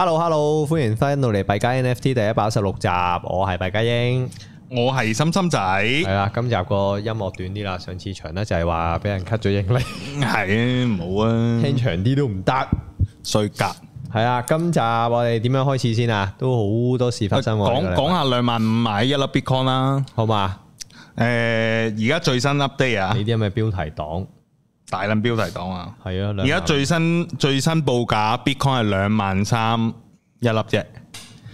Hello Hello，歡迎翻到嚟幣加 NFT 第一百一十六集，我係幣加鷹，我係心心仔，係啦。今集個音樂短啲啦，上次長啦就係話俾人 cut 咗盈利，係啊，唔好啊，聽長啲都唔得衰格。係啊覺，今集我哋點樣開始先啊？都好多事發生。講講下兩萬五買一粒 Bitcoin 啦，好嘛吧？誒，而家最新 update 啊，呢啲係咪標題黨？大粒標題黨啊！係啊，而家最新最新報價 Bitcoin 係兩萬三一粒啫，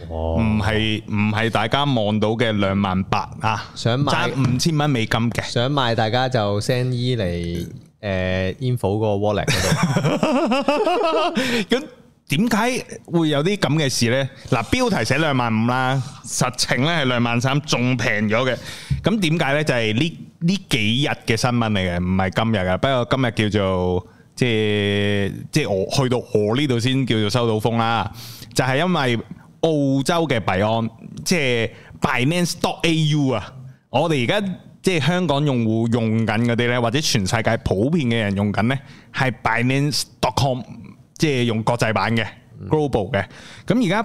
唔係唔係大家望到嘅兩萬八啊！想買五千蚊美金嘅，想買大家就 send 依嚟，誒、呃、info 個 wallet 嗰度。咁點解會有啲咁嘅事咧？嗱、啊，標題寫兩萬五啦，實情咧係兩萬三，仲平咗嘅。咁點解咧？就係、是、呢。呢幾日嘅新聞嚟嘅，唔係今日嘅。不過今日叫做即係即係我去到我呢度先叫做收到風啦、啊。就係、是、因為澳洲嘅幣安，即係 Binance.AU 啊。我哋而家即係香港用戶用緊嗰啲咧，或者全世界普遍嘅人用緊咧，係 Binance.com，即係用國際版嘅、嗯、Global 嘅。咁而家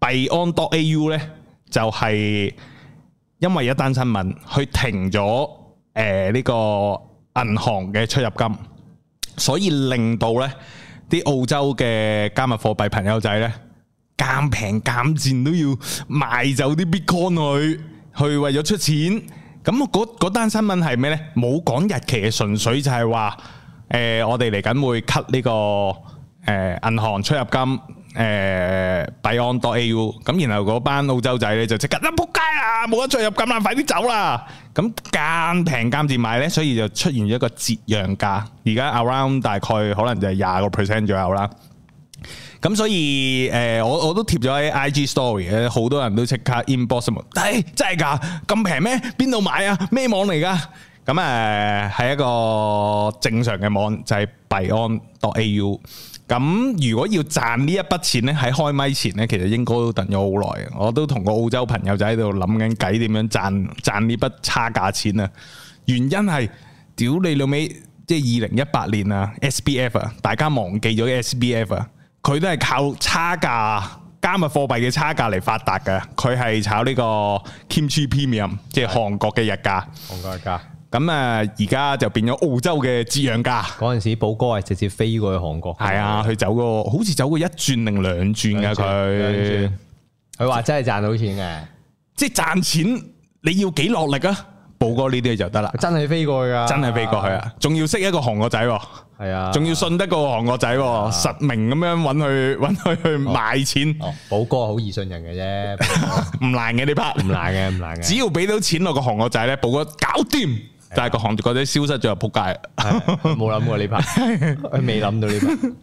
幣安 .AU 咧就係、是。因為一單新聞去停咗誒呢個銀行嘅出入金，所以令到呢啲澳洲嘅加密貨幣朋友仔呢，咁平咁賤都要賣走啲 Bitcoin 去，去為咗出錢。咁嗰嗰單新聞係咩呢？冇講日期嘅，純粹就係話誒，我哋嚟緊會 cut 呢個誒銀行出入金。誒、呃、Binance dot AU，咁然後嗰班澳洲仔咧就即刻撲街啊，冇得再入咁啦，快啲走啦！咁咁平咁折買咧，所以就出現咗一個折讓價，而家 around 大概可能就係廿個 percent 左右啦。咁所以誒、呃，我我都貼咗喺 IG story，好多人都即刻 inbox 問，誒，真係㗎，咁平咩？邊度買啊？咩網嚟㗎？咁誒係一個正常嘅網，就係、是、Binance dot AU。咁如果要賺呢一筆錢咧，喺開咪前呢，其實應該都等咗好耐嘅。我都同個澳洲朋友仔喺度諗緊計點樣賺賺呢筆差價錢啊！原因係屌你老味，即係二零一八年啊，SBF 啊，大家忘記咗 SBF 啊，佢都係靠差價加密貨幣嘅差價嚟發達嘅。佢係炒呢個 Kimchi Premium 即係韓國嘅日價，韓國日價。咁啊，而家就變咗澳洲嘅折讓家。嗰陣時，寶哥係直接飛過去韓國，係啊，佢走過，好似走過一轉定兩轉嘅佢。佢話真係賺到錢嘅，即係賺錢你要幾落力啊？寶哥呢啲就得啦，真係飛過去噶，真係飛過去啊！仲要識一個韓國仔，係啊，仲要信得個韓國仔，實名咁樣搵佢搵佢去買錢。寶哥好易信人嘅啫，唔難嘅呢 part，唔難嘅，唔難嘅。只要俾到錢落個韓國仔咧，寶哥搞掂。但係、 就是、個行業嗰啲消失咗又撲街，冇諗過呢排，未諗到呢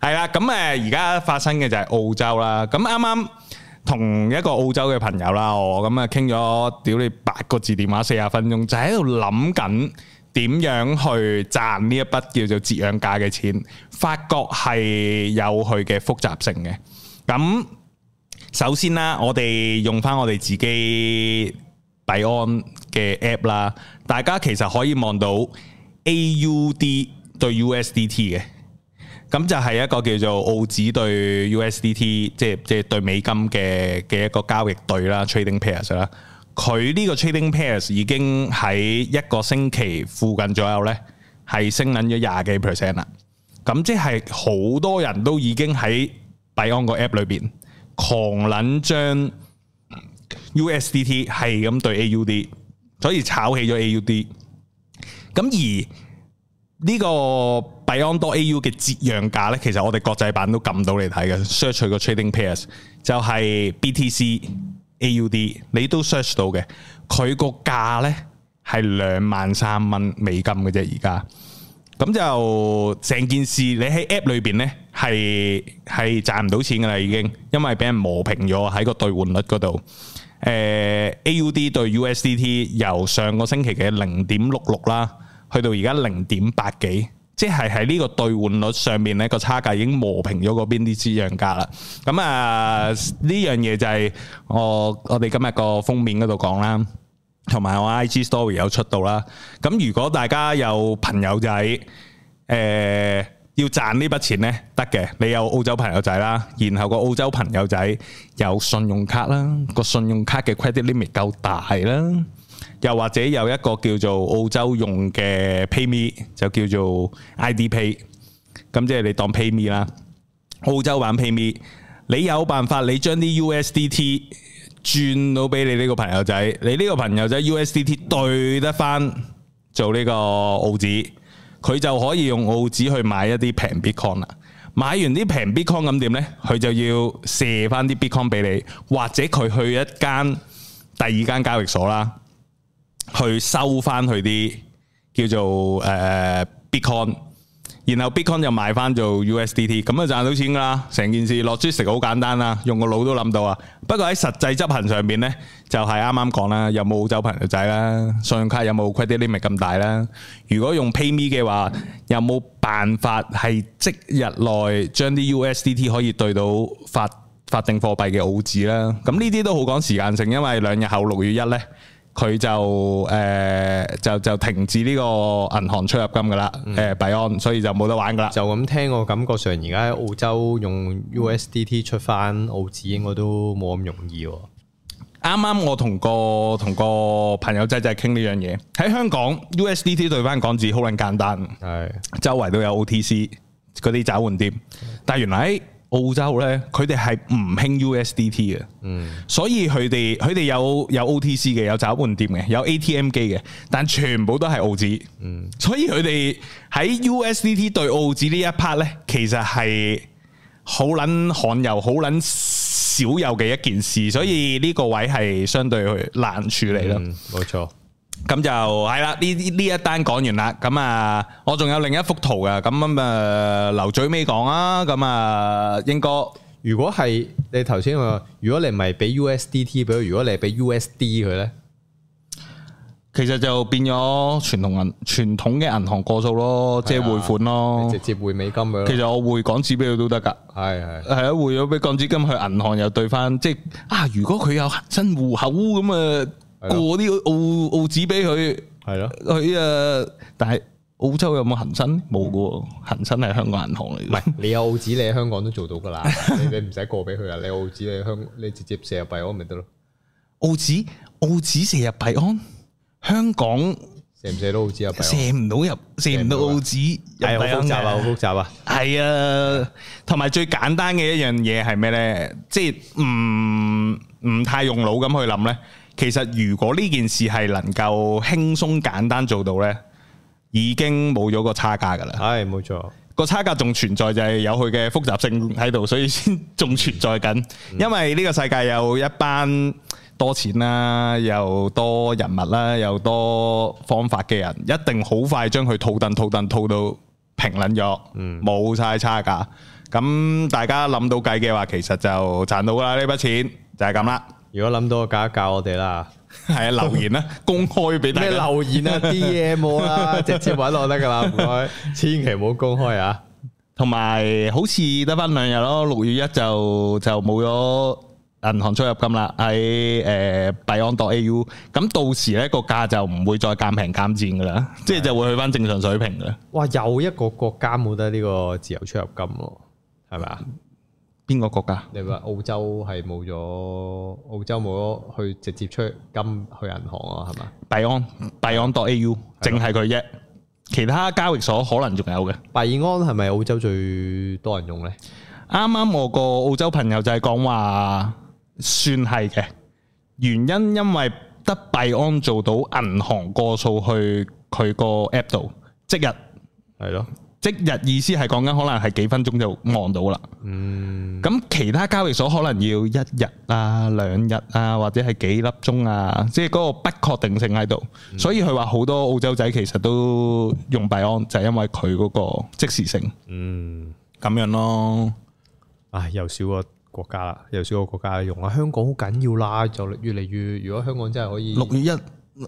排。係 啦，咁誒而家發生嘅就係澳洲啦。咁啱啱同一個澳洲嘅朋友啦，我咁啊傾咗屌你八個字電話四十分鐘，就喺度諗緊點樣去賺呢一筆叫做折讓價嘅錢，發覺係有佢嘅複雜性嘅。咁首先啦，我哋用翻我哋自己。幣安嘅 app 啦，大家其實可以望到 AUD 對 USDT 嘅，咁就係一個叫做澳紙對 USDT，即係即係對美金嘅嘅一個交易對啦，trading pairs 啦。佢呢個 trading pairs 已經喺一個星期附近左右呢，係升緊咗廿幾 percent 啦。咁即係好多人都已經喺幣安個 app 裏邊狂撚將。USDT 係咁對 AUD，所以炒起咗 AUD。咁而呢個 Binance AU 嘅折讓價呢，其實我哋國際版都撳到你睇嘅。Search 個 trading pairs 就係 BTC AUD，你都 search 到嘅。佢個價呢係兩萬三蚊美金嘅啫，而家。咁就成件事你喺 app 裏邊呢係係賺唔到錢噶啦，已經，因為俾人磨平咗喺個兌換率嗰度。誒、uh, AUD 對 USDT 由上個星期嘅零點六六啦，去到而家零點八幾，即係喺呢個兌換率上面咧個差價已經磨平咗，嗰邊啲資陽價啦。咁啊，呢、uh, 樣嘢就係我我哋今日個封面嗰度講啦，同埋我 IG story 有出到啦。咁如果大家有朋友仔誒。呃要賺呢筆錢呢，得嘅。你有澳洲朋友仔啦，然後個澳洲朋友仔有信用卡啦，個信用卡嘅 credit limit 夠大啦，又或者有一個叫做澳洲用嘅 PayMe，就叫做 ID Pay，咁即係你當 PayMe 啦，澳洲版 PayMe。你有辦法你將啲 USDT 轉到俾你呢個朋友仔，你呢個朋友仔 USDT 兌得翻做呢個澳紙。佢就可以用澳紙去買一啲平 bitcoin 啦，買完啲平 bitcoin 咁點呢？佢就要射翻啲 bitcoin 俾你，或者佢去一間第二間交易所啦，去收翻佢啲叫做誒、呃、bitcoin。然後 Bitcoin 就賣翻做 USDT，咁咪賺到錢㗎啦！成件事落注食好簡單啦，用個腦都諗到啊。不過喺實際執行上邊呢，就係啱啱講啦，有冇澳洲朋友仔啦？信用卡有冇 credit limit 咁大啦？如果用 PayMe 嘅話，有冇辦法係即日內將啲 USDT 可以兌到法法定貨幣嘅澳紙啦？咁呢啲都好講時間性，因為兩日後六月一呢。佢就誒、呃、就就停止呢個銀行出入金噶啦，誒幣安，所以就冇得玩噶啦。就咁聽，我感覺上而家喺澳洲用 USDT 出翻澳紙應該都冇咁容易。啱啱我同個同個朋友仔仔傾呢樣嘢，喺香港 USDT 兌翻港紙好撚簡單，係是周圍都有 OTC 嗰啲找換店，但係原來，澳洲咧，佢哋係唔興 USDT 嘅，所以佢哋佢哋有有 OTC 嘅，有找換店嘅，有 ATM 機嘅，但全部都係澳紙，所以佢哋喺 USDT 對澳紙呢一 part 咧，其實係好捻罕又罕有好捻少有嘅一件事，所以呢個位係相對難處理咯。冇錯。咁就係啦，呢呢一單講完啦。咁啊，我仲有另一幅圖噶。咁啊，留最尾講啊。咁啊，鷹哥如果係你頭先話，如果你唔係俾 USDT，俾佢如果你係俾 USD 佢咧，其實就變咗傳統銀傳統嘅銀行過數咯，即係匯款咯，直接匯美金嘅。其實我匯港紙俾佢都得噶，係係係啊，匯咗俾港紙金去銀行又兌翻，即係啊，如果佢有新戶口咁啊。過啲澳澳紙俾佢係咯，佢誒的，但係澳洲有冇恒生冇嘅，恒生係香港銀行嚟。唔係你有澳紙，你喺香港都做到噶啦， 你唔使過俾佢啊。你澳紙你香，你直接射入幣安咪得咯。澳紙澳紙射入幣安，香港射唔射到澳紙入幣安？射唔到入，射唔到澳紙入幣安。好複雜啊，好複雜啊。係啊，同埋最簡單嘅一樣嘢係咩咧？即係唔唔太用腦咁去諗咧。其實如果呢件事係能夠輕鬆簡單做到咧，已經冇咗個差價噶啦。係，冇錯，個差價仲存在就係有佢嘅複雜性喺度，所以先仲存在緊。因為呢個世界有一班多錢啦，又多人物啦，又多方法嘅人，一定好快將佢套戥套戥套到平撚咗，冇晒差價。咁大家諗到計嘅話，其實就賺到啦呢筆錢，就係咁啦。如果諗到，我教一教我哋啦，係啊，留言啦，公開俾大家。咩留言啊？D M 啦，直接搵我得噶啦，唔該。千祈唔好公開啊！同埋，好似得翻兩日咯，六月一就就冇咗銀行出入金啦。喺誒，幣安度 AU。咁到時咧，個價就唔會再減平減賤噶啦，即係就會去翻正常水平啦。哇！又一個國家冇得呢個自由出入金咯，係咪啊？邊個國家？你話澳洲係冇咗，澳洲冇咗去直接出金去銀行啊？係嘛？幣安，幣安 dot au 淨係佢啫，其他交易所可能仲有嘅。幣安係咪澳洲最多人用呢？啱啱我個澳洲朋友就係講話算係嘅，原因因為得幣安做到銀行過數去佢個 app 度即日係咯。即日意思係講緊，可能係幾分鐘就按到啦。嗯，咁其他交易所可能要一日啊、兩日啊，或者係幾粒鐘啊，即係嗰個不確定性喺度。所以佢話好多澳洲仔其實都用幣安，就係因為佢嗰個即時性。嗯，咁樣咯。唉，又少個國家，又少個國家用啊！香港好緊要啦，就越嚟越。如果香港真係可以六月一，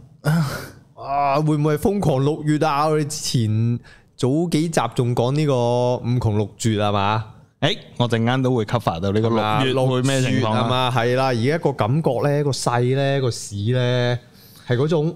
啊，會唔會瘋狂六月啊？我哋之前。早幾集仲講呢個五窮六絕係嘛？誒、欸，我陣間都會 cover 到呢個六月六會咩情況啊？係啦，而家個感覺咧，個勢咧，個市咧，係嗰種。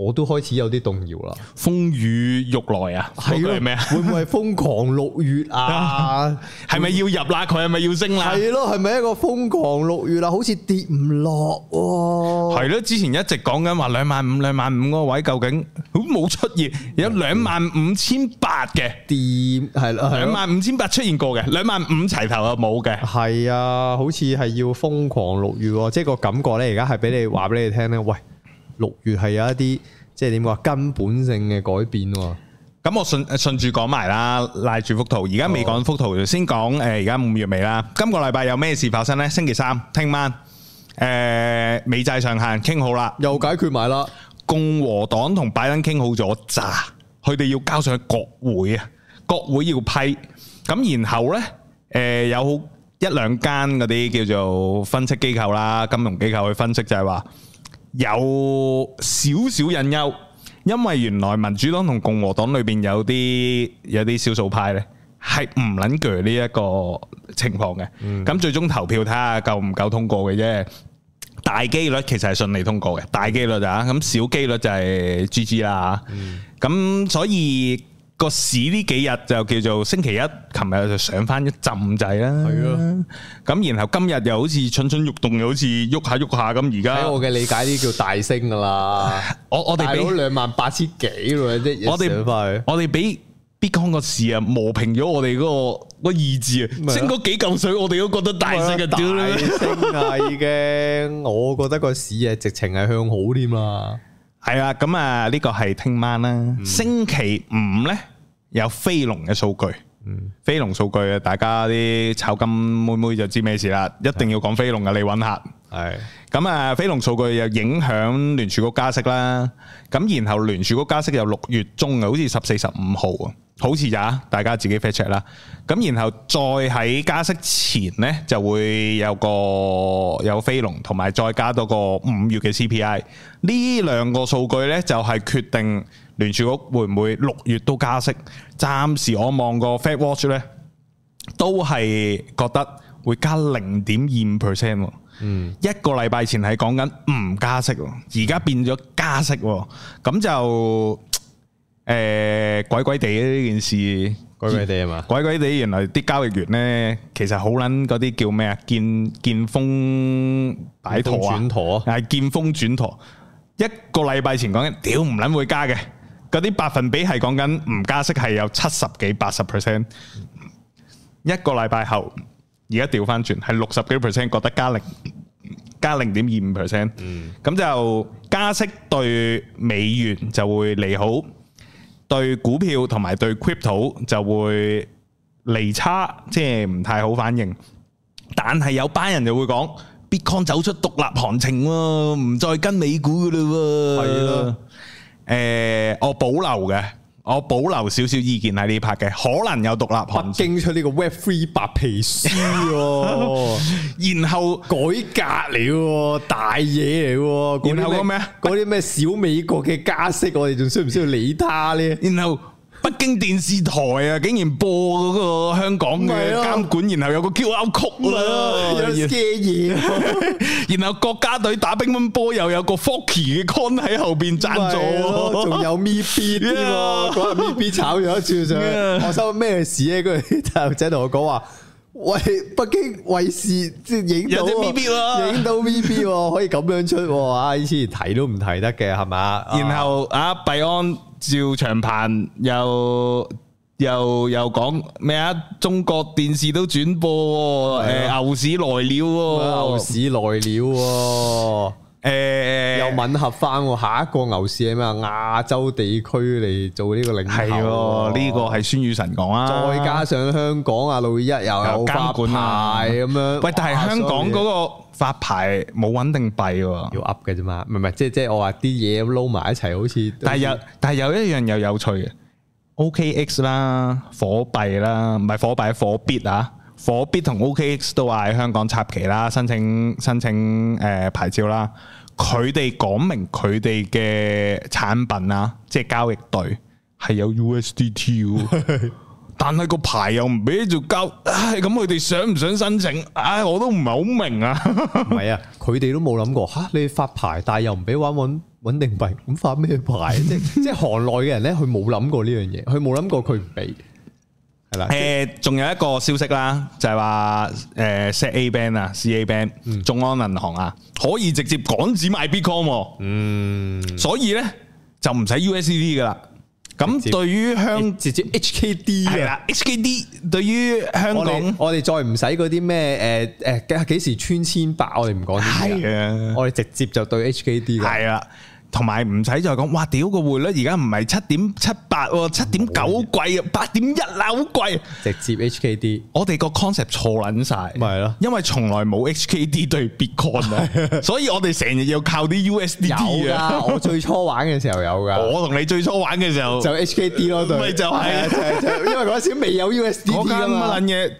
我都開始有啲動搖啦，風雨欲來啊！嗰句係咩啊？會唔會係瘋狂落雨啊？係咪、 啊、要入啦？佢係咪要升啦？係咯、啊，係咪一個瘋狂落雨啦？好似跌唔落喎。係咯、啊，之前一直講緊話兩萬五、兩萬五嗰個位，究竟好冇出現，有兩萬五千八嘅跌係啦，兩萬五千八出現過嘅，兩萬五齊頭又冇嘅。係啊，啊，好似係要瘋狂落雨喎，即係個感覺咧。而家係俾你話俾你聽咧，喂。六月係有一啲即係點講根本性嘅改變，咁我順順住講埋啦，賴住幅圖，而家未講幅圖，先講誒，而家五月尾啦，今個禮拜有咩事發生呢？星期三聽晚，誒，美債上限傾好啦，又解決埋啦，共和黨同拜登傾好咗咋，佢哋要交上去國會啊，國會要批，咁然後呢，誒，有一兩間嗰啲叫做分析機構啦，金融機構去分析就係話。有少少隱憂，因為原來民主黨同共和黨裏邊有啲有啲少數派咧，係唔捻決呢一個情況嘅。咁最終投票睇下夠唔夠通過嘅啫，大幾率其實係順利通過嘅，大幾率啊，咁小幾率就係 GG 啦。咁所以。個市呢幾日就叫做星期一、琴日就上翻一浸仔啦，係咯。咁然後今日又好似蠢蠢欲動，又好似喐下喐下咁。而家喺我嘅理解呢叫大升噶啦。我我哋俾兩萬八千幾喎，即係一升翻我哋俾 Bitcoin 個市啊磨平咗我哋嗰、嗰個意志啊，升嗰幾嚿水我哋都覺得大升嘅大升係嘅。我覺得個市啊直情係向好添啦。係啊，咁啊呢個係聽晚啦，嗯、星期五呢，有飛龍嘅數據，嗯、飛龍數據啊，大家啲炒金妹妹就知咩事啦，一定要講飛龍㗎，你搵下。係、嗯，咁啊飛龍數據又影響聯儲局加息啦，咁然後聯儲局加息又六月中啊，好似十四十五號啊。好似呀，大家自己 fetch check 啦。咁然後再喺加息前呢，就會有個有非農，同埋再加多個五月嘅 CPI。呢兩個數據呢，就係、是、決定聯儲局會唔會六月都加息。暫時我望個 Fed Watch 呢，都係覺得會加零點二五 percent。哦、嗯，一個禮拜前係講緊唔加息，而家變咗加息、哦。咁就。誒，鬼鬼地呢件事，鬼鬼地係嘛？鬼鬼地，原來啲交易員呢，其實好捻嗰啲叫咩啊？見見風擺舵啊，係見風轉舵。一個禮拜前講緊，屌唔捻會加嘅，嗰啲百分比係講緊唔加息，係有七十幾八十 percent。一個禮拜後，而家調翻轉，係六十幾 percent，覺得加零加零點二五 percent。嗯，咁就加息對美元就會利好。對股票同埋對 crypto 就會利差，即係唔太好反應。但係有班人就會講 Bitcoin 走出獨立行情喎，唔再跟美股噶啦喎。係啊，誒，我保留嘅。我保留少少意見喺呢 part 嘅，可能有獨立行。北京出呢個 Web Three 白皮書，啊， 然後改革了、啊、大嘢嚟，然後嗰咩？嗰啲咩小美國嘅加息，我哋仲需唔需要理他呢？然後。北京電視台啊，竟然播嗰個香港嘅監管，然後有個 QR code 咪咯，然後國家隊打乒乓波又有個 Funky 嘅 Con 喺後邊贊助，仲有 V B，嗰下 V B 炒咗一柱上，發生咩事咧？嗰啲大仔同我講話，喂，北京衞視即係影到，影到 V B，可以咁樣出，啊，以前睇都唔睇得嘅係嘛？然後啊，幣安。趙長鵬又又又講咩啊？中國電視都轉播誒、哦的呃，牛市來了喎、哦！牛市來了喎、哦！誒，欸、又吻合翻下一個牛市係咩！亞洲地區嚟做呢個領頭，係喎，呢個係孫宇晨講啊，再加上香港啊，六月一又發牌咁樣。喂，但係香港嗰個發牌冇穩定幣，要 up 嘅啫嘛，唔係，唔係，即係即係我話啲嘢咁撈埋一齊，好似。但係有，是有，但係有一樣又有，有趣嘅，OKX、OK、啦，火幣啦，唔係火幣火必啊。火幣同 OKX 都話喺香港插旗啦，申請申請誒牌照啦。佢哋講明佢哋嘅產品啊，即係交易對係有 USDT，但係個牌又唔俾做交，咁佢哋想唔想申請？啊，我都唔係好明啊。唔係啊，佢哋都冇諗過吓，你發牌，但係又唔俾玩穩穩定幣，咁發咩牌？即即係行內嘅人咧，佢冇諗過呢樣嘢，佢冇諗過佢唔俾。.係啦，誒、嗯，仲、呃、有一個消息啦，就係、是、話，誒、呃、，ZA Bank 啊 ZA Bank 眾安銀行啊，可以直接港紙買 Bitcoin 嗯，所以咧就唔使 USDC 噶啦，咁對於香直接 HKD 嘅，HKD，對於 HK 香港，我哋再唔使嗰啲咩，誒、呃，誒、呃，幾時穿千八，我哋唔講呢啲嘅，的我哋直接就對 HKD 嘅，係啦。同埋唔使再講，哇！屌個匯率而家唔係七點七八喎，七點九貴啊，八點一啦，好貴。直接 HKD。我哋個 concept 錯撚曬。唔係咯，因為從來冇 HKD 對 Bitcoin，所以我哋成日要靠啲 USDT。有㗎，我最初玩嘅時候有㗎。我同你最初玩嘅時候就 HKD 咯，對。咪就係，就係因為嗰陣時未有 USDT 啊嘛撚嘅。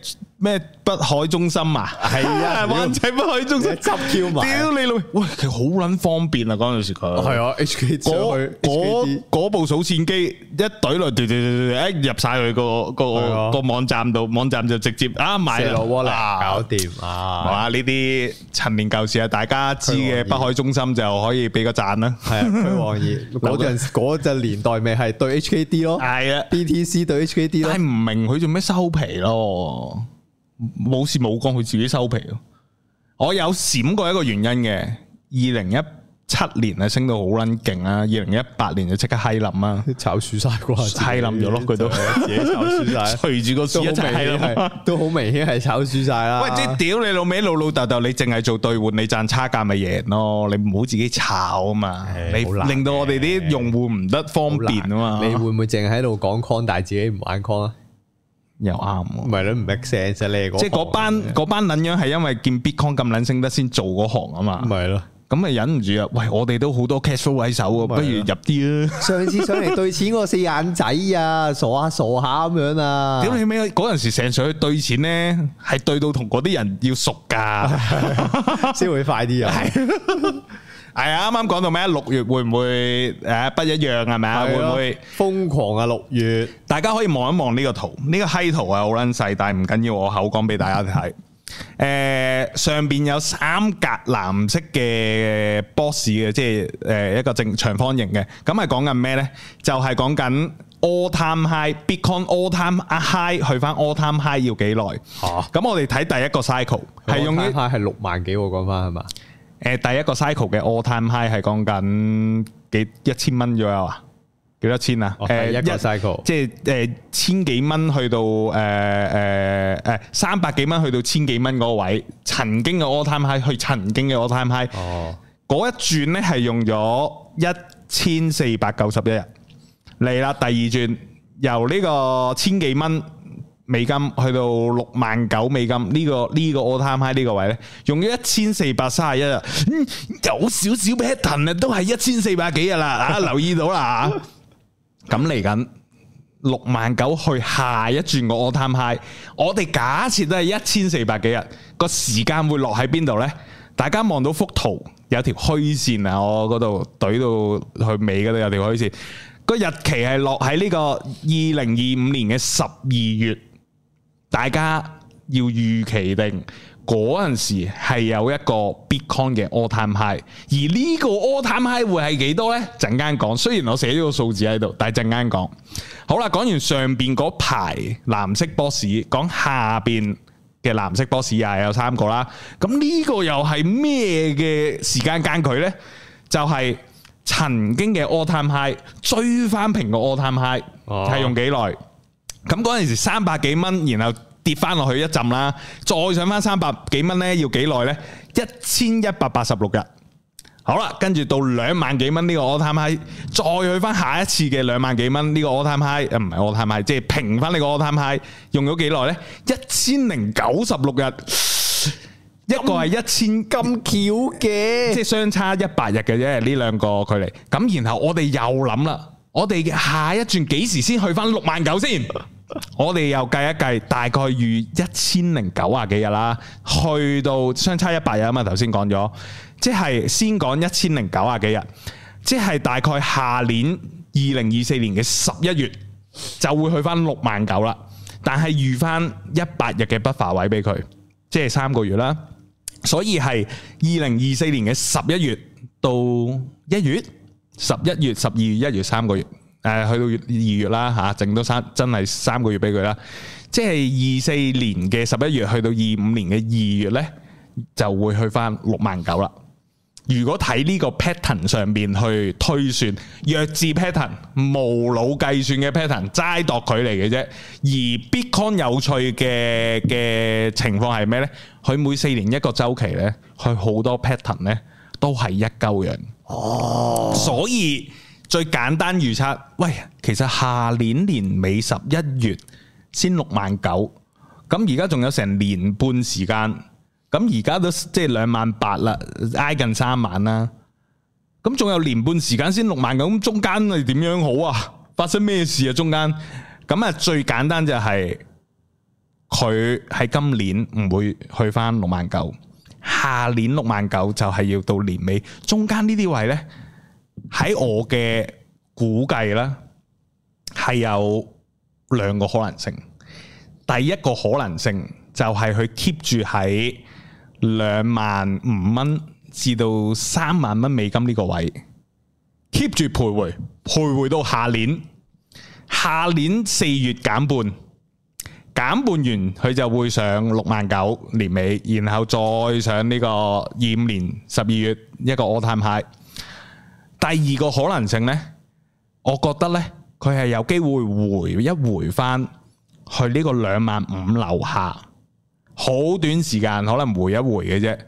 咩北海中心啊？係啊，灣仔北海中心執票嘛？屌你老，喂，其實好撚方便啊！嗰陣時佢係啊，H K D，嗰部數錢機一懟落，嘟一入晒佢個個個網站度，網站就直接啊買啦，搞掂啊！啊，呢啲陳年舊事啊，大家知嘅北海中心就可以俾個讚啦。係啊，網頁嗰陣嗰陣年代咪係對 H K D 咯，係啊 B T C 對 H K D 咯，但唔明佢做咩收皮咯。冇事冇講，佢自己收皮咯。我有閃過一個原因嘅，二零一七年啊升到好撚勁啊，二零一八年就即刻嗨冧啊，炒輸晒啩，嗨冧咗咯，佢都自己炒輸晒，隨住 個一都好明顯係 炒輸晒啦。喂，即屌你老尾老老豆豆，你淨係做兌換，你賺差價咪贏咯，你唔好自己炒啊嘛，你、欸、令到我哋啲用戶唔得方便啊嘛，你會唔會淨係喺度講框，但係自己唔玩框啊？又啱，唔係咯，唔息聲啫，你即係嗰班嗰班撚樣係因為見 Bitcoin 咁撚升得先做嗰行啊嘛，唔係咯，咁咪忍唔住啊！喂，我哋都好多 cashflow 喺手啊嘛，不如入啲啦。上次上嚟對錢嗰四眼仔啊，傻下傻下咁樣啊！屌你起碼嗰陣時成日上去對錢咧，係對到同嗰啲人要熟噶，先會快啲啊！係啊，啱啱講到咩啊？六月會唔會誒不一樣係咪啊？會唔會瘋狂啊？六月大家可以望一望呢個圖，呢個嘿圖係好撚細，但係唔緊要，我口講俾大家睇。誒，上邊有三格藍色嘅 boss 嘅，即係誒一個正長方形嘅，咁係講緊咩咧？就係講緊 all time high，Bitcoin all time 啊 high 去翻 all time high 要幾耐？吓，咁我哋睇第一個 cycle 係用啲係六萬幾，我講翻係嘛？誒第一個 cycle 嘅 all time high 係講緊幾一千蚊左右啊？幾多千啊？誒 Okay、呃、一個 cycle 即係誒千幾蚊去到誒誒誒三百幾蚊去到千幾蚊嗰個位，曾經嘅 all time high 去曾經嘅 all time high、oh。哦，嗰一轉咧係用咗一千四百九十一日嚟啦。第二轉由呢個千幾蚊。美金去到六萬九美金，呢個呢個 all time high 呢個位咧，用咗一千四百三十一日啊，有少少 pattern 啊，都係一千四百幾日啦，啊留意到啦啊。咁嚟緊六萬九去下一轉個 all time high，我哋假設都係一千四百幾日，個時間會落喺邊度咧？大家望到幅圖有條虛線啊，我嗰度懟到去尾嗰度有條虛線，個日期係落喺呢個二零二五年嘅十二月。大家要預期定嗰陣時係有一個 Bitcoin 嘅 All Time High，而呢個 All Time High 會係幾多呢？陣間講。雖然我寫咗個數字喺度，但係陣間講。好啦，講完上邊嗰排藍色波士，講下邊嘅藍色波士又係有三個啦。咁呢個又係咩嘅時間間距呢？就係、是、曾經嘅 All Time High 追翻平個 All Time High 係、啊、用幾耐？咁嗰陣時三百幾蚊，然後跌翻落去一浸啦，再上翻三百幾蚊咧，要幾耐咧？一千一百八十六日，好啦，跟住到兩萬幾蚊呢個 all time high，再去翻下一次嘅兩萬幾蚊呢個 all time high，唔、啊、係 all time high，即係平翻呢個 all time high，用咗幾耐咧？一千零九十六日，金一個係一千咁橋嘅，金即係相差一百日嘅啫，呢兩個距離。咁然後我哋又諗啦。我哋下一轉幾時先去翻六萬九先？我哋又計一計，大概預一千零九啊幾日啦，去到相差一百日啊嘛。頭先講咗，即係先講一千零九啊幾日，即係大概下年二零二四年嘅十一月就會去翻六萬九啦，但係預翻一百日嘅 buffer 位俾佢，即係三個月啦。所以係二零二四年嘅十一月到一月。十一月、十二月、一月三個月，誒、呃、去到二月啦嚇，剩、啊、到三真係三個月俾佢啦。即係二四年嘅十一月去到二五年嘅二月咧，就會去翻六萬九啦。如果睇呢個 pattern 上邊去推算，弱智 pattern、無腦計算嘅 pattern，齋度佢嚟嘅啫。而 Bitcoin 有趣嘅嘅情況係咩咧？佢每四年一個周期咧，佢好多 pattern 咧，都係一鳩樣。哦，所以最簡單預測，喂，其實下年年尾十一月先六萬九，咁而家仲有成年半時間，咁而家都即係兩萬八啦，挨近三萬啦，咁仲有年半時間先六萬九，咁中間係點樣好啊？發生咩事啊？中間咁啊，最簡單就係佢喺今年唔會去返六萬九。下年六萬九就係要到年尾，中間呢啲位呢，喺我嘅估計啦，係有兩個可能性。第一個可能性就係佢 keep 住喺兩萬五蚊至到三萬蚊美金呢個位，keep 住徘徊徘徊，到下年，下年四月減半。減半完佢就會上六萬九年尾，然後再上呢個二五年十二月一個 all time high。第二個可能性呢，我覺得呢，佢係有機會回一回返去呢個兩萬五樓下，好短時間可能回一回嘅啫。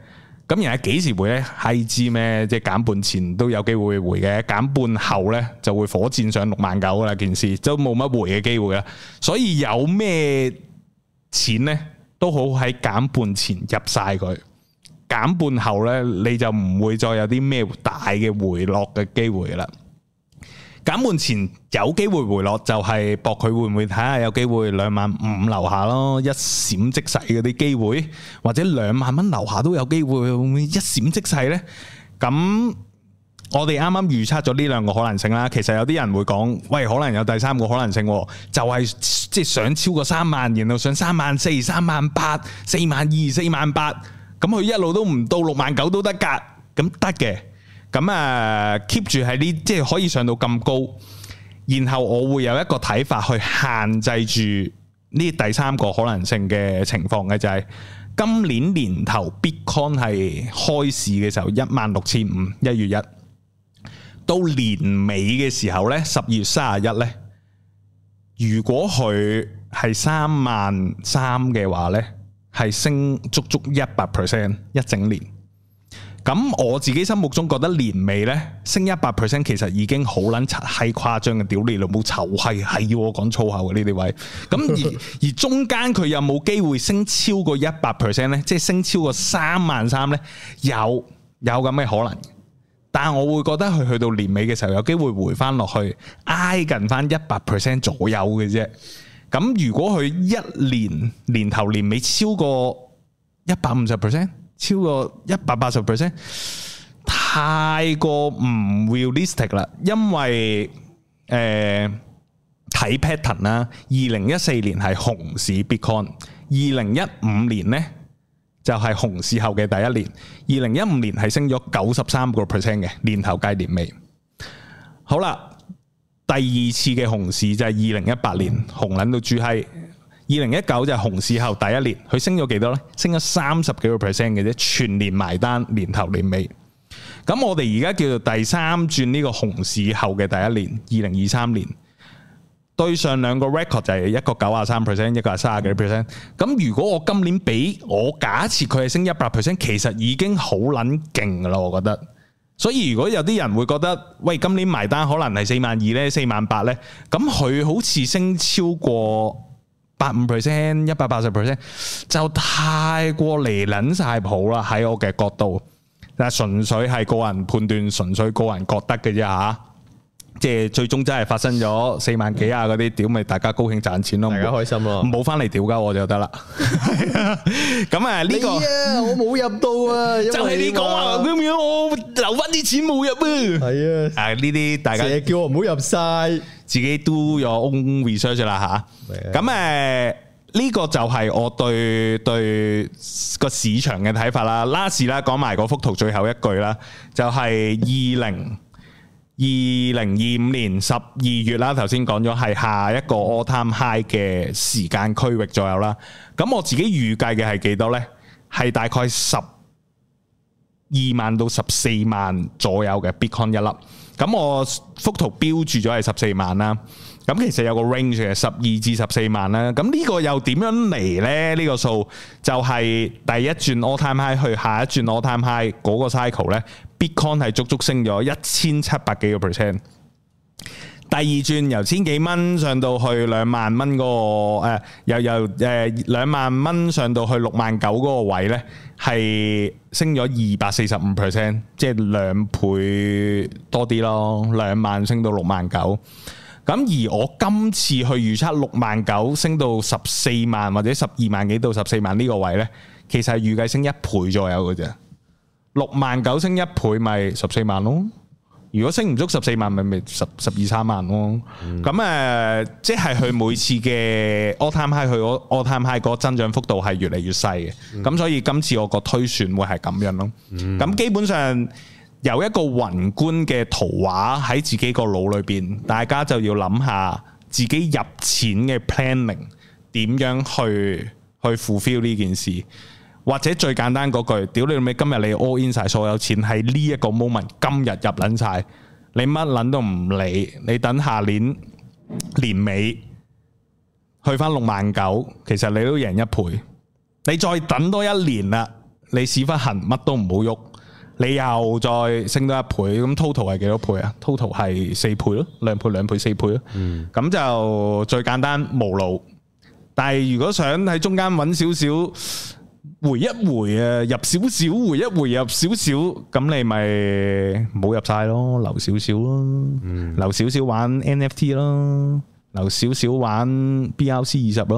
咁人係幾時回咧？係知咩？即係減半前都有機會回嘅，減半後咧就會火箭上六萬九啦。件事就冇乜回嘅機會啦。所以有咩錢咧，都好喺減半前入晒佢。減半後咧，你就唔會再有啲咩大嘅回落嘅機會啦。減半前有機會回落，就係博佢會唔會睇下有機會兩萬五樓下咯，一閃即逝嗰啲機會，或者兩萬蚊樓下都有機會會唔會一閃即逝呢。咁我哋啱啱預測咗呢兩個可能性啦。其實有啲人會講，喂，可能有第三個可能性，就係即係想超過三萬，然後上三萬四、三萬八、四萬二、四萬八，咁佢一路都唔到六萬九都得㗎，咁得嘅。咁啊，keep 住喺呢，即係可以上到咁高。然後我會有一個睇法去限制住呢第三個可能性嘅情況嘅就係、是、今年年頭 Bitcoin 係開市嘅時候一萬六千五，一月一到年尾嘅時候咧，十二月卅一咧，如果佢係三萬三嘅話咧，係升足足一百 percent 一整年。咁我自己心目中覺得年尾呢升一百 percent 其實已經好撚柒，係誇張嘅，屌你老母臭閪，係要我講粗口嘅呢啲位。咁而而中間佢有冇機會升超過一百 percent 呢？即係升超過三萬三呢？有有咁嘅可能，但係我會覺得佢去到年尾嘅時候有機會回翻落去挨近翻一百 percent 左右嘅啫。咁如果佢一年年頭年尾超過一百五十 percent？超過一百八十 percent，太過唔 realistic 啦，因為誒睇 pattern 啦，二零一四年係熊市 Bitcoin，二零一五年咧就係熊市後嘅第一年，二零一五年係升咗九十三個 percent 嘅年頭計年尾，好啦，第二次嘅熊市就係二零一八年，熊捻到豬閪。二零一九就係熊市後第一年，佢升咗幾多呢？升咗三十幾個 percent 嘅啫，全年埋單，年頭年尾。咁我哋而家叫做第三轉呢個熊市後嘅第一年，二零二三年對上兩個 record 就係一個九啊三 percent，一個係三十幾 percent。咁如果我今年比我假設佢係升一百 percent，其實已經好捻勁噶啦，我覺得。所以如果有啲人會覺得，「喂，今年埋單可能係四萬二呢？四萬八呢？」咁佢好似升超過。百五 percent、一百八十 percent 就太過嚟捻晒譜啦，喺我嘅角度，但係純粹係個人判斷，純粹個人覺得嘅啫吓。即係最終真係發生咗四萬幾啊嗰啲屌，咪大家高興賺錢咯，大家開心咯，冇翻嚟屌噶我就得啦。咁啊呢個，我冇入到啊，就係你講話咁樣，我留翻啲錢冇入啊。係啊，啊呢啲大家叫我唔好入晒。自己都有 own research 啦，啊、吓，咁誒呢個就係我對對個市場嘅睇法啦。last 啦，講埋嗰幅圖，最後一句啦，就係二零二零二五年十二月啦。頭先講咗係下一個 all time high 嘅時間區域左右啦。咁我自己預計嘅係幾多咧？係大概十。二萬到十四萬左右嘅 Bitcoin 一粒，咁我幅圖標注咗係十四萬啦。咁其實有個 range 係十二至十四萬啦。咁呢個又點樣嚟呢？呢、呢個數就係第一轉 all time high 去下一轉 all time high 嗰個 cycle 呢 Bitcoin 係足足升咗一千七百幾個 percent。第二轉由千幾蚊上到去兩萬蚊嗰個誒，由由誒兩萬蚊上到去六萬九嗰個位呢，係升咗二百四十五 percent，即係兩倍多啲咯。兩萬升到六萬九。咁而我今次去預測六萬九升到十四萬或者十二萬幾到十四萬呢個位呢，其實係預計升一倍左右嘅啫。六萬九升一倍咪十四萬咯。如果升唔足十四萬，咪咪十十二三萬咯。咁誒、嗯，即係佢每次嘅 all time high，佢個 all time high 個增長幅度係越嚟越細嘅。咁、嗯、所以今次我個推算會係咁樣咯。咁、嗯、基本上有一個宏觀嘅圖畫喺自己個腦裏邊，大家就要諗下自己入錢嘅 planning 點樣去去 fulfill 呢件事。或者最簡單嗰句，屌你老味，今日你 all in 晒所有錢喺呢一個 moment，今日入捻晒，你乜捻都唔理，你等下年年尾去翻六萬九，其實你都贏一倍。你再等多一年啦，你屎忽痕乜都唔好喐，你又再升多一倍，咁 total 係幾多倍啊？total 係四倍咯，兩倍兩倍四倍咯。咁就最簡單無腦。但係如果想喺中間揾少少。回一回啊，入少少，回一回入少少，咁你咪冇入晒咯，留少少咯，嗯、留少少玩 NFT 咯。留少少玩 BRC20 咯，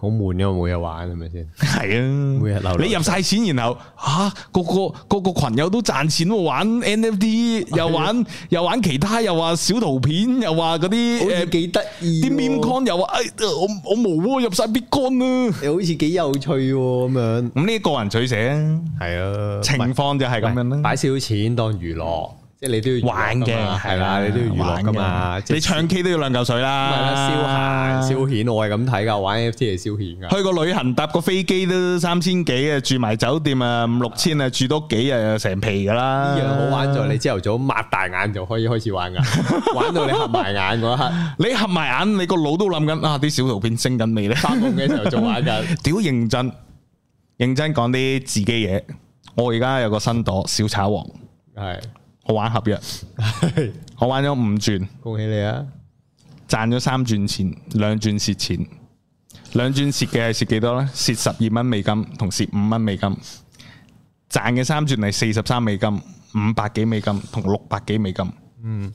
好悶嘅我冇嘢玩係咪先？係啊，每日留、啊、你入晒錢，然後吓、啊、個個個個群友都賺錢，玩 NFT 又玩、啊、又玩其他，又話小圖片，又話嗰啲誒幾得意，啲 meme coin 又話誒我我冇入晒 Bitcoin 啊，又、哎、啊好似幾有趣咁、啊、樣，咁呢個人取捨啊，係啊，情況就係咁樣啦，擺少錢當娛樂。即係你都要玩嘅，係啦，你都要娛樂噶嘛。你唱 K 都要兩嚿水啦。唔係啦，消閒消遣，我係咁睇噶。玩 NFT 係消遣噶。去個旅行搭個飛機都三千幾啊，住埋酒店啊五六千啊，住多幾日成皮噶啦。呢樣好玩在你朝頭早擘大眼就可以開始玩噶，玩到你合埋眼一刻。你合埋眼，你個腦都諗緊啊！啲小圖片升緊未咧？發夢嘅時候仲玩緊？屌認真，認真講啲自己嘢。我而家有個新朵小炒王，係。我玩合約， 我玩咗五轉，恭喜你啊！賺咗三轉錢，兩轉蝕錢，兩轉蝕嘅係蝕幾多呢？蝕十二蚊美金，同蝕五蚊美金。賺嘅三轉係四十三美金，五百幾美金同六百幾美金。嗯，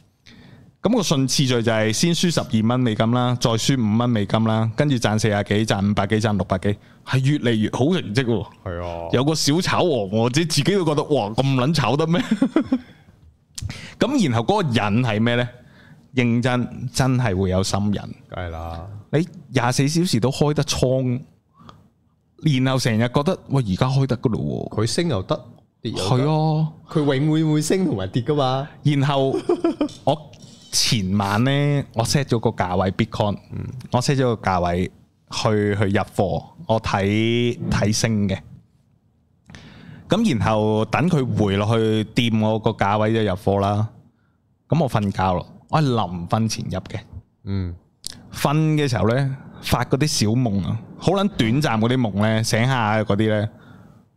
咁個順次序就係先輸十二蚊美金啦，再輸五蚊美金啦，跟住賺四廿幾，賺五百幾，賺六百幾，係、啊、越嚟越好成績。係啊，有個小炒王、啊，我，自己都覺得哇咁捻炒得咩？ 咁然後嗰個人係咩呢？認真真係會有心人，梗係啦。你廿四小時都開得倉，然後成日覺得喂，而家開得噶咯喎。佢升又得，係啊，佢永會會升同埋跌噶嘛。然後 我前晚呢，我 set 咗個價位 Bitcoin，我 set 咗個價位去去入貨，我睇睇升嘅。咁然後等佢回落去掂我個價位就入貨啦。咁我瞓覺咯，我係臨瞓前入嘅。嗯，瞓嘅時候咧，發嗰啲小夢啊，好捻短暫嗰啲夢咧，醒下嗰啲咧，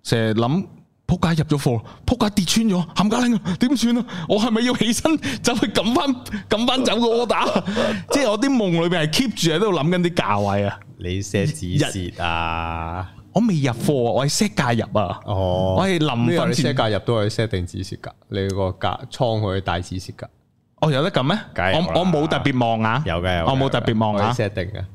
成日諗扑街入咗貨，扑街跌穿咗，冚家拎，點算啊？我係咪要起身走去撳翻撳翻走個 order？即係我啲夢裏邊係 keep 住喺度諗緊啲價位啊。你寫字節啊？我未入貨，我係 set 價入啊！哦、我係臨瞓前 set 價入都係 set 定止蝕㗎，你個格倉可以帶止蝕㗎。哦，有得咁咩？我我冇特別望啊！有嘅有，的有，的有，的有的，我冇特別望啊！set 定嘅、啊。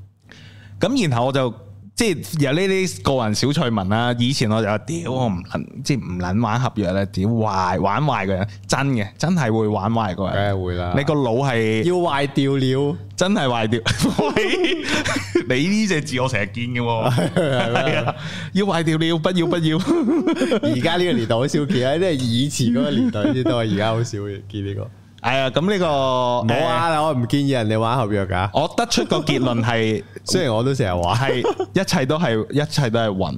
咁然後我就。即係有呢啲個人小趣聞啦。以前我就屌，我唔捻，即係唔捻玩合約啦。屌壞，玩壞嘅人，真嘅，真係會玩壞個人。梗係會啦。你個腦係要壞掉了，真係壞掉。 你呢隻字我成日見嘅，係 嗎、啊、要壞掉了，不要不要，不要。而家呢個年代好少見啊，即係 以前嗰個年代先多。而家好少見呢、這個。係啊，咁呢個冇啊，我唔建議人哋玩合約噶。我得出個結論係，雖然我都成日話係，一切都係一切都係暈。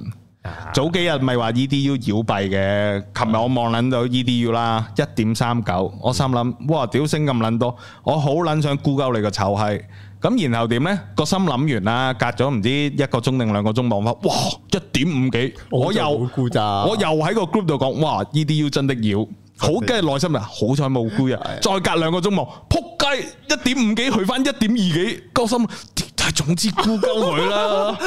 早幾日咪話 E D U 妖幣嘅，琴日我望捻到 E D U 啦，一點三九，我心諗哇，屌升咁捻多，我好捻想沽夠你個臭閪。咁然後點呢？個心諗完啦，隔咗唔知一個鐘定兩個鐘望翻，哇，一點五幾，我又我又喺個 group 度講，哇，E D U 真的妖。好雞，內心啊！好彩冇沽啊！再隔兩個鐘望，扑街一點五幾，去翻，一點二幾，個心。但係總之沽鳩佢啦，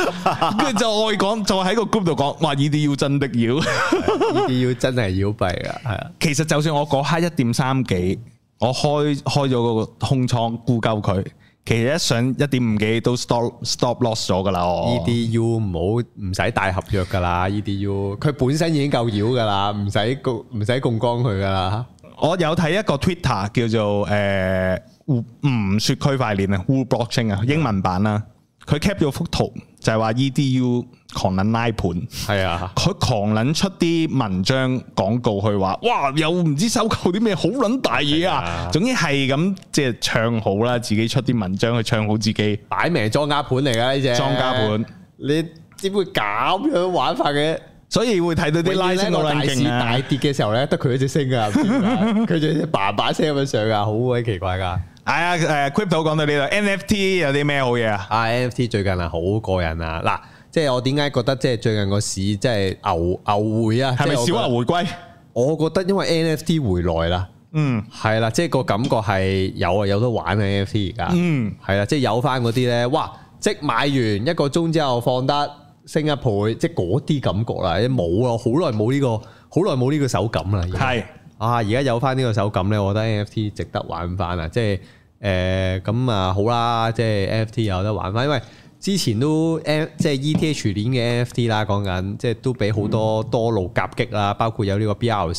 跟住就愛講，就喺個 group 度講，話呢啲要真的要，呢啲要真係要幣噶，係啊。其實就算我嗰刻一點三幾，我開開咗嗰個空倉沽鳩佢。其實一上一點五幾都 stop stop loss 咗噶啦哦！EDU 唔好唔使大合約噶啦，EDU 佢本身已經夠妖噶啦，唔使槓唔使槓桿佢噶啦。我有睇一個 Twitter 叫做誒吳吳說區塊鏈啊，Wu Blockchain 啊，英文版啦。佢 kept 咗幅圖，就係話 EDU。狂撚拉盤，係啊！佢狂撚出啲文章廣告去話，哇！又唔知收購啲咩好撚大嘢啊！總之係咁，即係唱好啦，自己出啲文章去唱好自己，擺明係莊家盤嚟噶呢隻莊家盤，你點會搞樣玩法嘅？所以會睇到啲拉升大市大跌嘅時候咧，得佢一隻升啊！佢仲要叭叭聲咁上啊，好鬼奇怪噶！係啊，誒，crypto 講到呢度，NFT 有啲咩好嘢啊？NFT 最近係好過癮啊！嗱。即係我點解覺得即係最近個市即係牛牛會啊？係咪小牛回歸？我覺得因為 NFT 回來啦，嗯係啦，即係個感覺係有啊，有得玩嘅 NFT 而家，嗯係啦，即係有翻嗰啲咧，哇！即買完一個鐘之後放得升一倍，即係嗰啲感覺啦，冇啊，好耐冇呢個，好耐冇呢個手感啦，係啊，而家有翻呢個手感咧，我覺得 NFT 值得玩翻啦！即係誒咁啊好啦，即係 NFT 有得玩翻，因為。之前都即係 ETH 鏈嘅 NFT 啦，講緊即係都畀好多多路夾擊啦，包括有呢個 BRC 二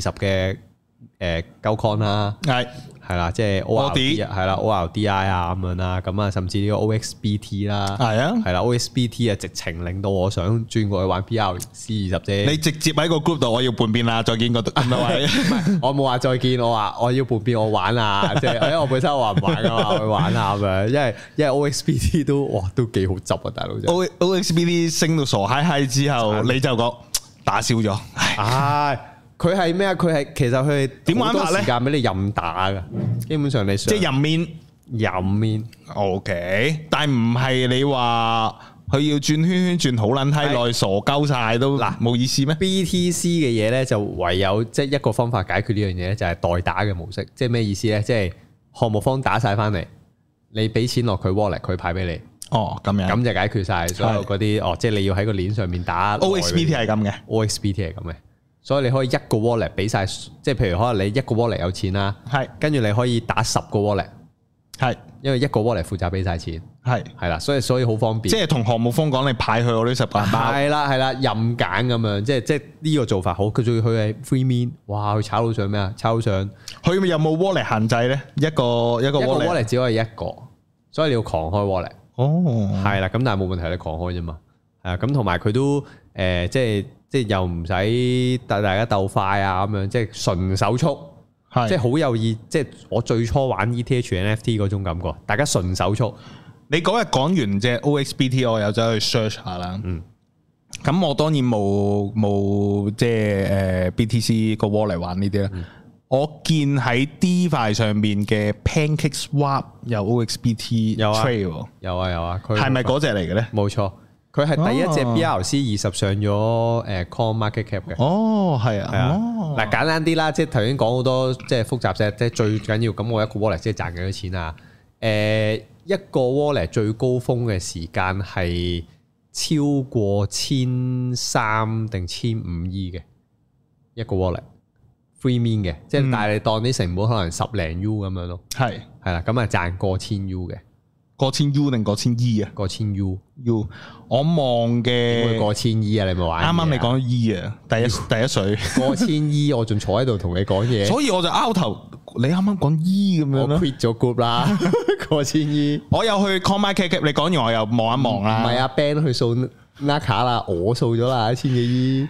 十嘅誒高抗啦，係。係啦，即係 O R D 係啦，O R D I 啊咁樣啦，咁啊，甚至呢個 O X B T 啦，係啊，係啦，O X B T 啊，直情令到我想轉過去玩 B R C 二十啫。你直接喺個 group 度，我要叛變啦，再見嗰度。唔係， 我冇話再見，我話我要叛變，我玩啊， 即係我本身我話唔玩噶嘛，去玩啊咁樣，因為因為 O X B T 都哇都幾好執啊，大佬。O, o X B T 升到傻嗨嗨之後，了你就講打消咗，唉。 佢係咩啊？佢係其實佢係點玩法咧？時間俾你任打噶，基本上你上即係入面入面。面 o、okay, K，但係唔係你話佢要轉圈圈轉好卵閪耐，傻鳩晒都嗱冇意思咩？B T C 嘅嘢咧就唯有即係、就是、一個方法解決呢樣嘢咧，就係、是、代打嘅模式。即係咩意思咧？即係項目方打晒翻嚟，你俾錢落佢 wallet，佢派俾你。哦，咁樣咁就解決晒所有嗰啲。的哦，即、就、係、是、你要喺個鏈上面打。O S B T 係咁嘅，O S B T 係咁嘅。所以你可以一個 wallet 俾晒，即係譬如可能你一個 wallet 有錢啦，係跟住你可以打十個 wallet，係是因為一個 wallet 負責俾晒錢，係係啦，所以所以好方便。即係同項目方講，你派去我呢十個，係啦係啦，任揀咁樣，即係即係呢個做法好。佢仲要佢係 free mint 哇！佢炒到上咩啊？炒到上，佢有冇 wallet 限制咧？一個一個 wallet 只可以一個，所以你要狂開 wallet。哦，係啦，咁但係冇問題，你狂開啫嘛。係啊，咁同埋佢都誒即係。即即係又唔使大，大家鬥快啊咁樣，即係純手速，是即係好有意，即係我最初玩 ETH NFT 嗰種感覺，大家純手速。你嗰日講完隻 OXBT，我有走去 search 下啦。嗯，咁我當然冇冇即係誒 BTC 個窩嚟玩呢啲啦。嗯，我見喺 D 塊上面嘅 Pancake Swap 有 OXBT 有 Trade，有啊有啊，佢係咪嗰隻嚟嘅咧？冇錯，啊。佢係第一隻 B R C 二十上咗誒 coin market cap 嘅。呃、哦，係啊，係啊。嗱簡單啲啦，即係頭先講好多，即、就、係、是、複雜啫。即、就、係、是、最緊要，咁我一個 wallet 即係賺幾多錢啊？誒、呃，一個 wallet 最高峰嘅時間係超過千三定千五億嘅一個 wallet。free m 面嘅，即係但係你當啲成本可能十零 U 咁樣咯。係、嗯，係啦是，咁啊賺過千 U 嘅。過千 U 定過千 E 啊？過千 U，U，You, 我望嘅過千 E 啊！你咪玩話，啱啱你講 E 啊，第一第一水過千 E，我仲坐喺度同你講嘢，所以我就拗頭，你啱啱講 E 咁樣我 quit 咗 group 啦，過千 E，, 過千 E 我又去 call my cagc，你講完我又望一望啦。唔係、嗯、啊 Ben 去掃 Naka 啦，我掃咗啦，千幾 E，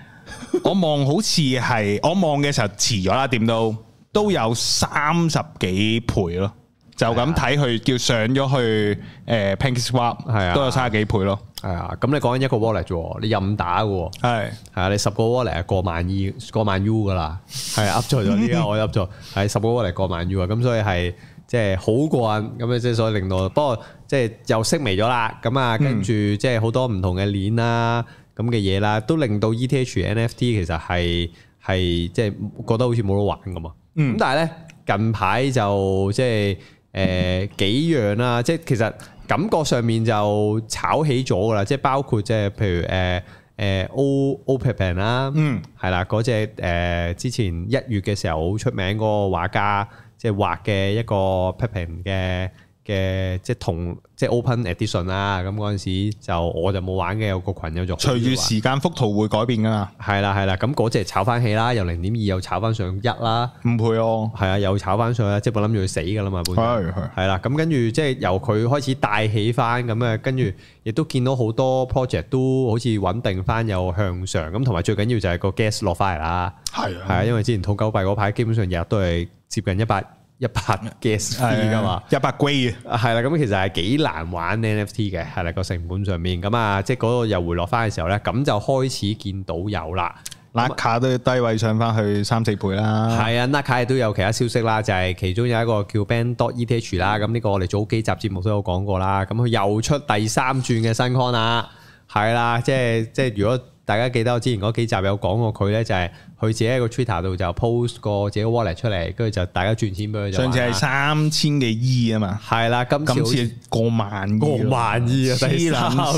我望好似係我望嘅時候遲咗啦，點都都有三十幾倍咯。就咁睇佢叫上咗去誒 PancakeSwap 係啊，都有三十幾倍咯。係啊，咁你講緊一個 wallet 啫，你任打嘅。係係啊，你十個 wallet 係過萬 U 過萬 U 嘅啦。係噏錯咗啲啊，我噏錯係十個 wallet 過萬 U 啊。咁所以係即係好過癮咁樣，即係所以令到，不過即係又息微咗啦。咁啊，跟住即係好多唔同嘅鏈啦咁嘅嘢啦，都令到 ETH NFT 其實係係即係覺得好似冇得玩咁嘛。咁但係咧近排就即係。誒、呃、幾樣啦，即係其實感覺上面就炒起咗噶啦，即係包括即係譬如誒誒歐 p 佩 n 啦，呃呃、Old, Old in, 嗯，係啦，嗰隻誒之前一月嘅時候好出名嗰個畫家，即係畫嘅一個批 n 嘅。嘅即係同即係 OpenEdition 啦，咁嗰陣時就我就冇玩嘅，有個群有做。隨住時間幅圖會改變㗎嘛。係啦係啦，咁嗰隻炒翻起啦，由零點二又炒翻上一啦，五倍哦。係啊，又炒翻上啦，即係我諗住佢死㗎啦嘛。本身係係。係啦的，咁跟住即係由佢開始帶起翻，咁啊跟住亦都見到好多 project 都好似穩定翻又向上，咁同埋最緊要就係個 gas 落翻嚟啦。係啊的。係啊，因為之前土狗幣嗰排基本上日日都係接近一百。一百 gas 噶嘛，一百 g 啊，係啦，咁其實係幾難玩 NFT 嘅，係啦，個成本上面，咁啊即係嗰個又回落翻嘅時候咧，咁就開始見到有啦。Naka 都要低位上翻去三四倍啦，係啊，Naka 亦都有其他消息啦，就係其中有一個叫 Ben.eth 啦，咁呢個我哋早幾集節目都有講過啦，咁佢又出第三轉嘅新 Con 啦，係啦，即係即係如果。大家記得我之前嗰幾集有講過佢咧，就係、是、佢自己喺個 Twitter 度就 post 過自己 wallet 出嚟，跟住就大家轉錢俾佢。上次係三千幾億啊嘛，係啦，今次過萬過萬億啊！死喇，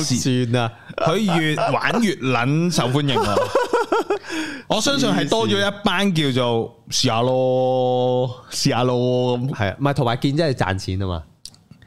算啦，佢越玩越撚受歡迎，啊！ 我相信係多咗一班叫做試下咯，試下咯，咁係啊，唔係同埋見真係賺錢啊嘛，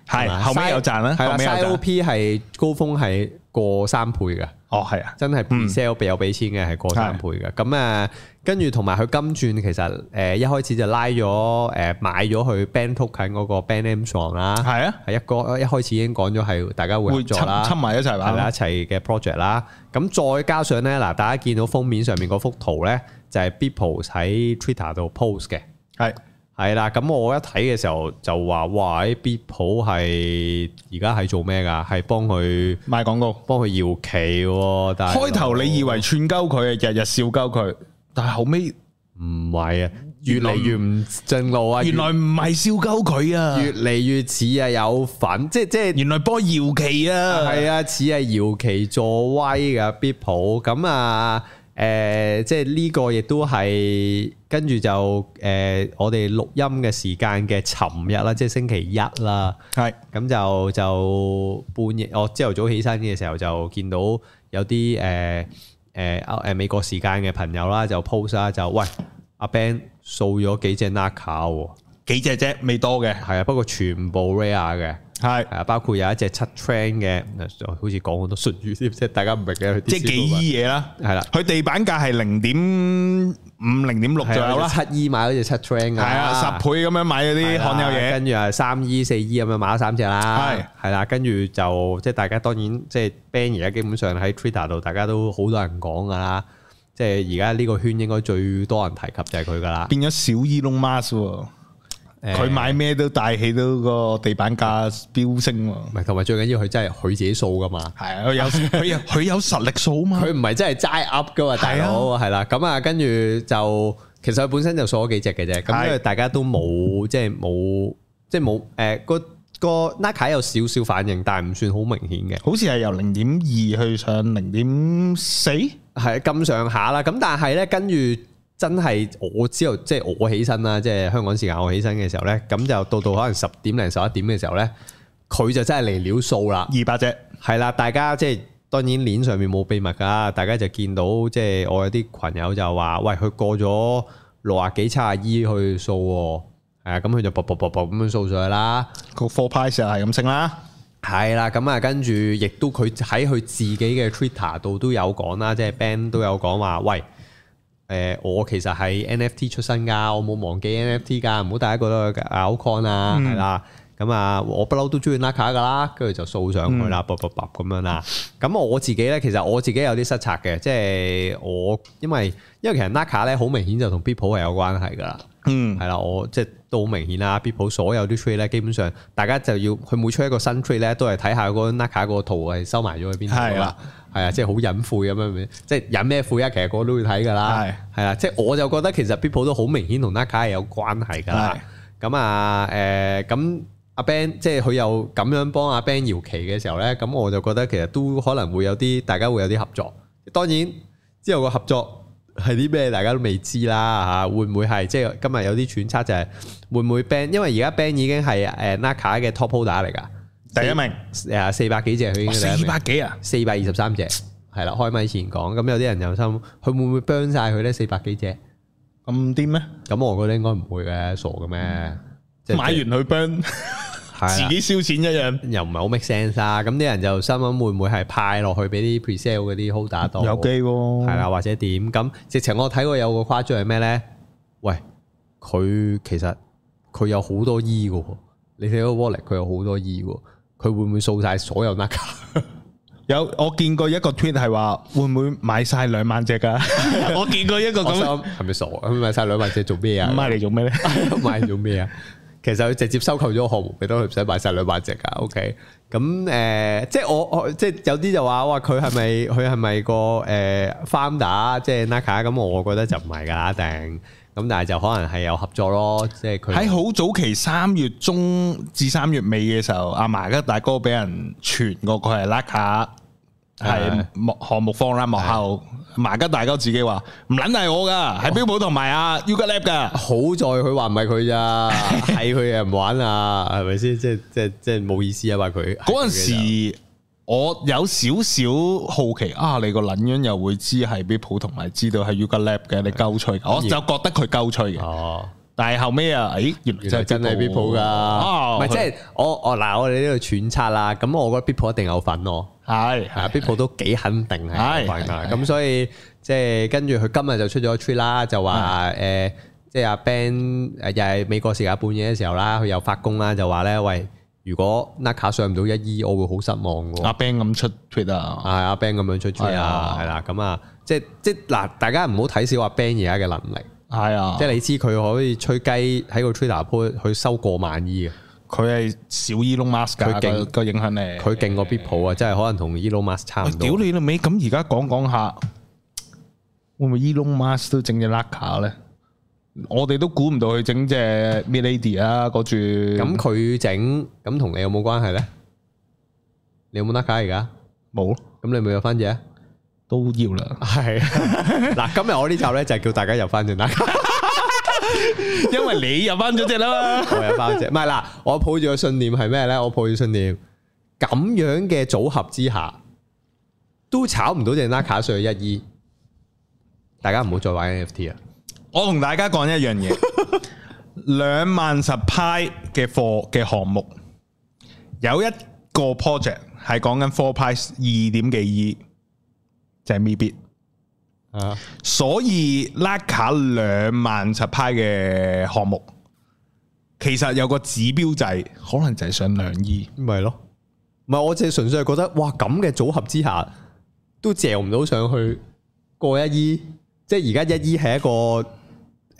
係後尾有賺啦，後尾有賺。C O P 係高峰，係過三倍噶。哦，係啊，嗯、真係唔 sell 被有俾錢嘅，係過三倍嘅。咁啊，跟住同埋佢金鑽其實誒一開始就拉咗誒買咗佢 band top 近嗰個 band m song 啦，係啊，係一哥一開始已經講咗係大家會合作啦，係一齊嘅 project 啦。咁再加上咧嗱，大家見到封面上面嗰幅圖咧，就係、是、Beeple 喺 Twitter 度 post 嘅、啊，係。係啦，咁我一睇嘅時候就話，哇！啲 Beeple 係而家係做咩噶？係幫佢賣廣告，幫佢搖旗。但係開頭你以為串鳩佢，日日笑鳩佢，但係後尾唔係啊，越嚟越唔正路啊，原來唔係笑鳩佢啊，越嚟越似啊有份，即係即係原來幫搖旗啊，係啊，似係搖旗助威噶 Beeple，咁啊，誒、呃，即係呢個亦都係。跟住就誒、呃，我哋錄音嘅時間嘅尋日啦，即係星期一啦。係是，咁就就半夜，我朝頭早起身嘅時候就見到有啲誒誒阿誒美國時間嘅朋友啦，就 post 啦，就喂，阿 Ben 掃咗幾隻 Naka 喎，幾隻啫，未多嘅，係啊，不過全部 rare 嘅。係，係啊，包括有一隻七 train 嘅，就好似講好多術語，即係大家唔明嘅，即係幾依嘢啦，係啦。佢地板價係零點五、零點六左右啦。七依買咗隻七 train 啊，係啊，十倍咁樣買嗰啲罕有嘢，跟住啊三依、四依咁樣買咗三隻啦，係，係啦。跟住就即係大家當然，即係 Ben 而家基本上喺 Twitter 度，大家都好多人講噶啦。即係而家呢個圈應該最多人提及就係佢噶啦，變咗小依隆 Musk。佢買咩都帶起到個地板價飆升喎，唔係同埋最緊要佢真係佢自己數噶嘛，係啊，有佢佢有實力數嘛，佢唔係真係齋噏噶嘛，大佬，係啦，咁啊，跟住就其實佢本身就數咗幾隻嘅啫，咁因為大家都冇即係冇即係冇誒個個 Naka 有少少反應，但係唔算好明顯嘅，好似係由零點二去上零點四係咁上下啦，咁但係咧跟住。真係我知道，即係我起身啦，即係香港時間我起身嘅時候呢，咁就到到可能十點零十一點嘅時候呢，佢就真係嚟了掃啦，二百隻，係啦，大家即係當然鏈上面冇秘密噶，大家就見到即係我有啲群友就話，喂，佢過咗六啊幾七啊依去掃，係啊，咁佢就卜卜卜咁樣掃上去啦，個貨派成係咁升啦，係啦，咁啊跟住亦都佢喺佢自己嘅 Twitter 度都有講啦，即係 Ben 都有講話，喂。誒、呃，我其實係 NFT 出身㗎，我冇忘記 NFT 㗎，唔好大家覺得啊 Altcoin 啊，係啦、嗯，咁啊、嗯，我不嬲都中意 Naka 㗎啦，跟住就掃上去啦，卜卜卜咁樣啦，咁、嗯、我自己咧，其實我自己有啲失策嘅，即係我因為因為其實 Naka 咧好明顯就同 Beeple 係有關係㗎啦，嗯，係啦，我即係都好明顯啦 Beeple 所有啲 trade 咧，基本上大家就要佢每出一個新 trade 咧，都係睇下個 Naka 個圖係收埋咗去邊度啦。嗯。係啊，即係好隱晦咁樣，即係隱咩晦啊？其實個個都會睇噶啦，係是啊，即係我就覺得其實 Beeple 都好明顯同 Naka 係有關係噶，咁是啊，誒、呃，咁阿 Ben 即係佢又咁樣幫阿 Ben 搖旗嘅時候咧，咁我就覺得其實都可能會有啲大家會有啲合作。當然之後個合作係啲咩，大家都未知啦嚇，會唔會係即係今日有啲揣測就係會唔會 Ben？因為而家 Ben 已經係誒 Naka 嘅 Top Holder 嚟噶。第一名，誒，四百幾隻佢已經，四百幾啊，四百二十三隻，係啦，開咪前講，咁有啲人就心，佢會唔會 burn 晒佢咧？四百幾隻咁癲咩？咁我覺得應該唔會嘅，傻嘅咩？買完去 burn，自己燒錢一樣，又唔係好 make sense 啊？咁啲人就心諗會唔會係派落去俾啲 presale 嗰啲 hold 打檔？有機喎，係啦，或者點？咁直情我睇過有個誇張係咩咧？喂，佢其實佢有好多 E 嘅，你睇個 wallet 佢有好多 E 嘅。佢會唔會掃晒所有 Naka 有我見過一個 tweet 係話，會唔會買晒兩萬隻噶？ 我見過一個咁，係咪 傻？咁買晒兩萬隻做咩啊？買嚟做咩咧？ 買做咩啊？ 其實佢直接收購咗個項目，畀到佢，唔使買晒兩萬隻噶。OK，咁誒、呃，即係我我即係有啲就話哇，佢係咪佢係咪個誒 founder 即係 Naka？咁我覺得就唔係噶，定。咁但係就可能係有合作咯，即係佢喺好早期三月中至三月尾嘅時候，阿麻吉大哥俾人傳過佢係 luck 下，係目項目放喺幕後，麻吉、啊、大哥自己話唔撚係我噶，係 Beeple 同埋啊 Yuga Lab 嘅，啊、lab 好在佢話唔係佢咋，係佢人玩啊，係咪先？即係即係即係冇意思啊！話佢陣時。我有少少好奇啊！你個撚樣又會知係 Beeple 同埋知道係 Yuga Labs 嘅，你鳩吹，我就覺得佢鳩吹嘅。哦，但係後尾啊，誒，原來真係 Beeple 㗎，唔係即係我我嗱，我哋呢度揣測啦。咁我覺得 Beeple 一定有份咯，係，係 Beeple 都幾肯定係。咁所以即係跟住佢今日就出咗 tweet 啦，就話誒，即係阿 Ben 又係美國時間半夜嘅時候啦，佢又發工啦，就話咧喂。如果 Naka 上唔到一 E，我會好失望噶、啊啊。阿 Ben 咁出 t w i t 啊，係阿 Ben 咁樣出 t w i 脱啊，係啦、啊，咁啊，啊，即係即係嗱，大家唔好睇小阿 Ben 而家嘅能力，係啊，即係你知佢可以吹雞喺個 t w i t t e r 鋪去收過萬二、e。啊，佢係少 E l o n Mask 噶，佢勁個影響你，佢勁過 b i p o 啊，即係可能同 E l o n Mask 差唔多。屌、哎、你老味，咁而家講講下，會唔會 E l o n Mask 都整咗 Naka 咧？我哋都估唔到佢整隻 Milady 啊，嗰注。咁佢整，咁同、嗯、你有冇關係咧？你有冇 Naka 而家？冇有，咁你咪入翻隻，都要啦。係嗱、啊， 今日我呢集咧就叫大家入翻隻 Naka 因為你入翻咗隻啦我入翻隻，唔係嗱，我抱住個信念係咩咧？我抱住信念，咁樣嘅組合之下，都炒唔到隻 Naka 上去一。一 e，大家唔好再玩 NFT 啊！我同大家講一樣嘢，兩萬十派嘅貨嘅項目有一個 project 係講緊 four Pi 二點幾億，就係 maybe 啊，所以拉卡兩萬十派嘅項目，其實有個指標制，可能就係想兩億，咪咯了？唔係我淨係純粹係覺得，哇咁嘅組合之下都借唔到上去過一億，即係而家一億係一個。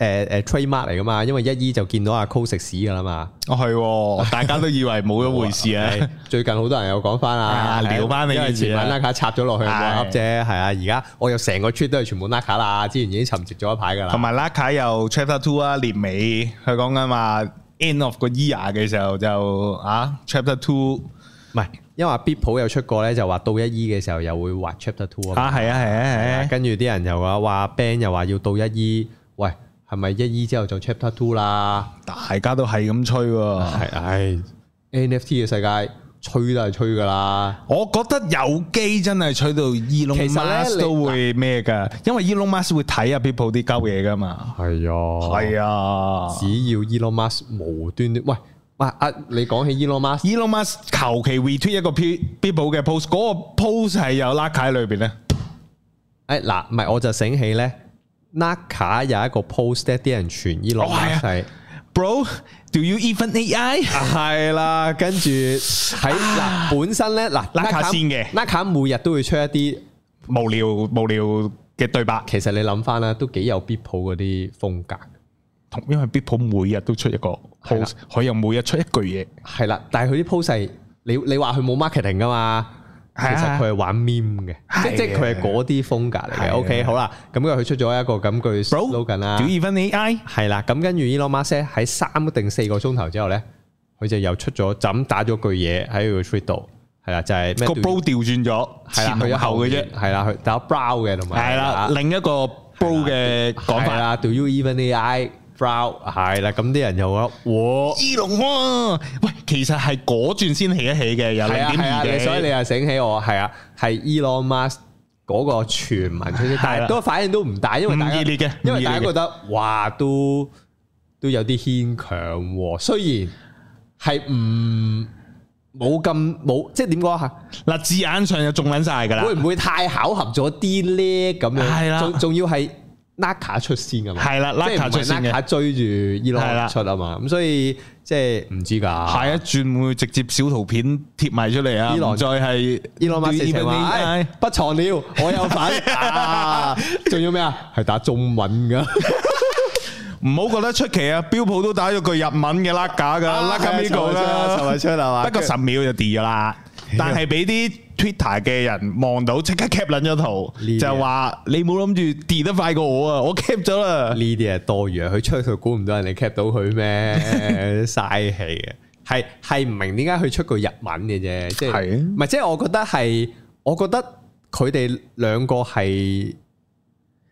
誒誒、欸啊、trademark 嚟噶嘛，因為一 E 就見到阿 Co 食屎噶啦嘛，哦係，哦 大家都以為冇一回事啊。 最近好多人又講翻啊，撩翻你前晚 N 卡插咗落去嘅噏啫，係啊，啊而家、啊、我又成個 trad 都係全部 N 卡啦，之前已經沉寂咗一排噶啦。同埋 N 卡又 Chapter Two 啊，年尾佢講緊話 end of 個 year 嘅時候就啊 Chapter Two，唔係，2 因為 Beeple 有出過咧，就話到一 E 嘅時候又會話 Chapter Two 啊，係啊係啊係，啊啊啊跟住啲人說說 ben 又話話 Ben 又話要到一 E，喂。係咪一二之後就 Chapter Two 啦？大家都係咁吹，係唉 NFT 嘅世界吹都係吹噶啦。我覺得有機真係吹到 Elon Musk 都會咩噶，因為 Elon Musk 會睇啊 Beeple 啲鳩嘢噶嘛。係啊，係啊，只要 Elon Musk 無端端喂喂，阿你講起 Elon Musk，Elon Musk 求其 retweet 一個 Beeple 嘅 post，嗰個 post 係有 luck 喺裏邊咧。誒，嗱，唔係我就醒起咧。Naka 有一個 post，得啲人傳依落嚟，係、哦啊、，Bro，Do you even AI？係啦、啊啊，跟住喺嗱本身咧，嗱、啊、Naka 先嘅的，Naka 每日都會出一啲無聊無聊嘅對白。其實你諗翻啦，都幾有 Beeple 嗰啲風格，同因為 Beeple 每日都出一個 post，佢又、啊、每日出一句嘢，係啦、啊。但係佢啲 post 係你你話佢冇 marketing 噶嘛？其實佢係玩 meme 嘅，即即佢係嗰啲風格嚟嘅。OK，好啦，咁佢出咗一個咁句，slogan 啦，Bro，do you even AI？係啦，咁跟住 Elon Musk 喺三定四個鐘頭之後咧，佢就又出咗，就咁打咗句嘢喺佢個 tweet 度，係啦，就係個 Bro 調轉咗，前後嘅啫，係啦，打 brow 嘅同埋，係啦，另一個 Bro 嘅講法啦，do you even AI？係啦，咁啲人又話，哇，伊隆啊，喂，其實係嗰轉先起得起嘅，有零點二幾，所以你又醒起我，係啊，係伊隆馬斯嗰個傳聞出先，但係都反應都唔大，因為唔熱烈嘅，因為大家覺得，哇，都都有啲牽強，雖然係唔冇咁冇，即係點講吓，嗱字眼上又中捻晒噶啦，會唔會太巧合咗啲咧？咁樣係啦，仲仲要係。拉卡出先噶嘛？係啦，即係唔係拉卡追住伊朗出啊嘛？咁所以即係唔知噶，下一轉會直接小圖片貼埋出嚟啊！伊朗再係伊朗馬斯不藏了，我有反，仲要咩啊？係打中文噶，唔好覺得出奇啊！標普都打咗句日文嘅 l 拉卡噶，拉卡呢個，就係出係嘛？不過十秒就跌掉啦，但係俾啲。Twitter 嘅人望到即刻 cap 咗圖，Lydia. 就話你冇諗住跌得快過我啊！我 cap 咗啦。呢啲係多餘啊！佢出去估唔到人哋 cap 到佢咩？嘥氣啊，係係唔明點解佢出句日文嘅啫，即係唔係即係我覺得係，我覺得佢哋兩個係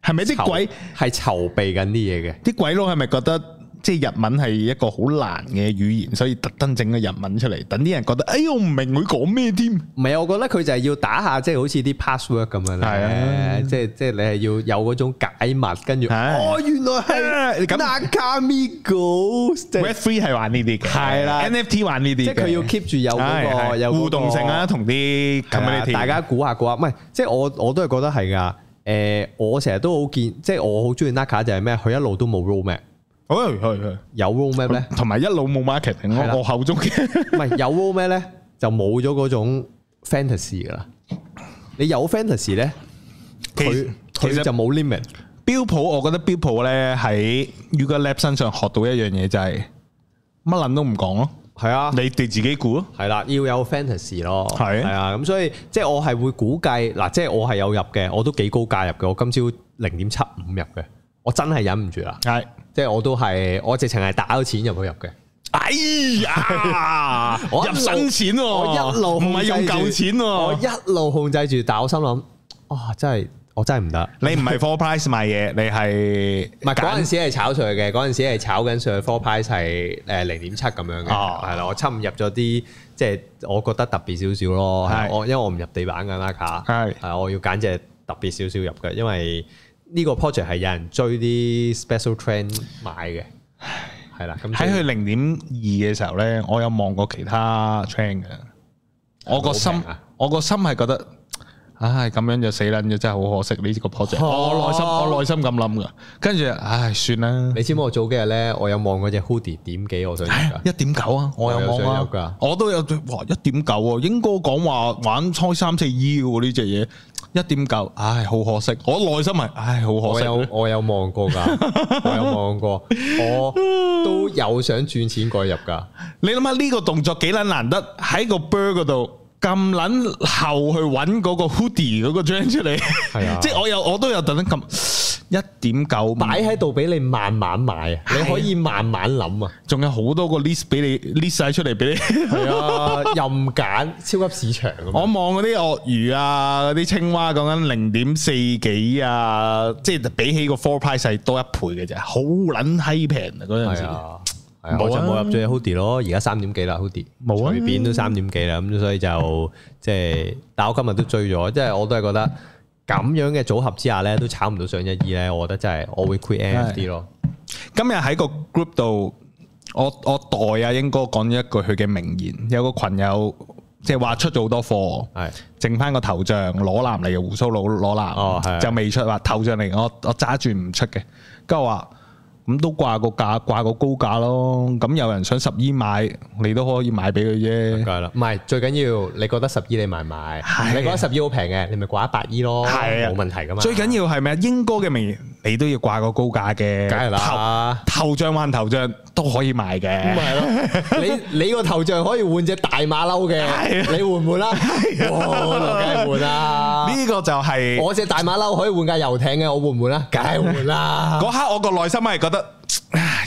係咪啲鬼係籌備緊啲嘢嘅？啲鬼佬係咪覺得？即係日文係一個好難嘅語言，所以特登整個日文出嚟，等啲人覺得，哎呀，我唔明佢講咩添？唔係啊，我覺得佢就係要打下即係、就是、好似啲 password 咁樣咧，即係即係你係要有嗰種解密，跟住、啊、哦，原來係 Nakamigos。Red Three 係玩呢啲嘅，係啦、啊啊、NFT 玩呢啲，即係佢要 keep 住有嗰、那個、啊啊、有、那個、互動性啊。同啲、啊、大家估下估下，唔係即係我我，我，我都係覺得係㗎。誒，我成日都好見，即、就、係、是、我好中意 Naka 就係咩？佢一路都冇 roadmap 去去去，oh, yes, yes. 有 road map 咧，同埋一路冇 marketing 喺我后中嘅， 唔係有 road map 咧就冇咗嗰種 fantasy 噶啦你有 fantasy 咧，其其實就冇 limit。實標普，我覺得標普咧喺 Yuga Lab 身上學到一樣嘢就係乜撚都唔講咯。係啊的，你哋自己估咯。係啦，要有 fantasy 咯。係係啊，咁所以即係我係會估計嗱，即係我係有入嘅，我都幾高價入嘅。我今朝零點七五入嘅，我真係忍唔住啦。係。即係我都係，我直情係打咗錢入去入嘅。哎呀， 我入新錢喎，一路唔係、啊、用舊錢喎、啊，我一路控制住。但我心諗，哇、哦，真係我真係唔得。你唔係 four price 賣嘢，你係唔係嗰陣時係炒出去嘅？嗰陣時係炒緊上去 four price 係誒零點七咁樣嘅，係啦。我侵入咗啲即係我覺得特別少少咯。的的我因為我唔入地板㗎啦，嚇係係，我要揀隻特別少少入嘅，因為。呢個 project 係有人追啲 special trend 買嘅，係啦。喺佢零點二嘅時候咧，我有望過其他 train 嘅。我個心，啊、我個心係覺得，唉，咁樣就死啦，真係好可惜呢、這個 project、啊。我內心，我內心咁諗噶。跟住，唉，算啦。你知唔知我早幾日咧，我有望嗰隻 Hoodie 點幾？我想一點九啊，我有望啊，我都有，有，哇，一點九啊，應該講話玩初三四 E 呢隻嘢。這個一點九，1 1. 9, 唉，好可惜。我內心係，唉，好可惜。我有望過噶，我有望過, 過，我都有想賺錢過入噶。你諗下呢個動作幾撚難得，喺個 bird 度咁撚後去揾嗰個 hoodie 嗰個 jam 出嚟，啊、 即係我有，我都有特登咁。一點九擺喺度俾你慢慢買啊，你可以慢慢諗啊，仲有好多個 list 俾你 list 晒出嚟俾你，係啊， 任揀超級市場。我望嗰啲鱷魚啊，嗰啲青蛙講緊零點四幾啊，即係比起個 four price 多一倍嘅啫，好撚閪平啊嗰陣時。係啊，啊啊啊我就冇入咗 hodl 咯，而家三點幾啦 hodl，冇啊，隨便都三點幾啦，咁所以就即係， 但我今日都追咗，即係我都係覺得。咁樣嘅組合之下咧，都炒唔到上一二咧，我覺得真係我會 quit 啲咯。今日喺個 group 度，我我代阿英哥講咗一句佢嘅名言，有個群友即係話出咗好多貨，係剩翻個頭像裸男嚟嘅，鬍鬚佬，裸，裸男，哦、就未出話頭像嚟，我我揸住唔出嘅，跟住話。咁都掛個價，掛個高價咯。咁有人想十億、e、買，你都可以買俾佢啫。唔係，最緊要你覺得十億你買唔買，你覺得十億好平嘅，你咪掛一百億咯，冇、啊、問題噶嘛。最緊要係咩啊？英哥嘅名言你都要掛個高價嘅，梗係啦。頭、頭像換頭像都可以賣嘅，係咯。 你你個頭像可以換隻大馬騮嘅， 你換唔換啦？哦， 梗係換啦。呢個就係、是、我隻大馬騮可以換架遊艇嘅，我換唔換啦？梗係換啦。嗰 刻我個內心係覺得。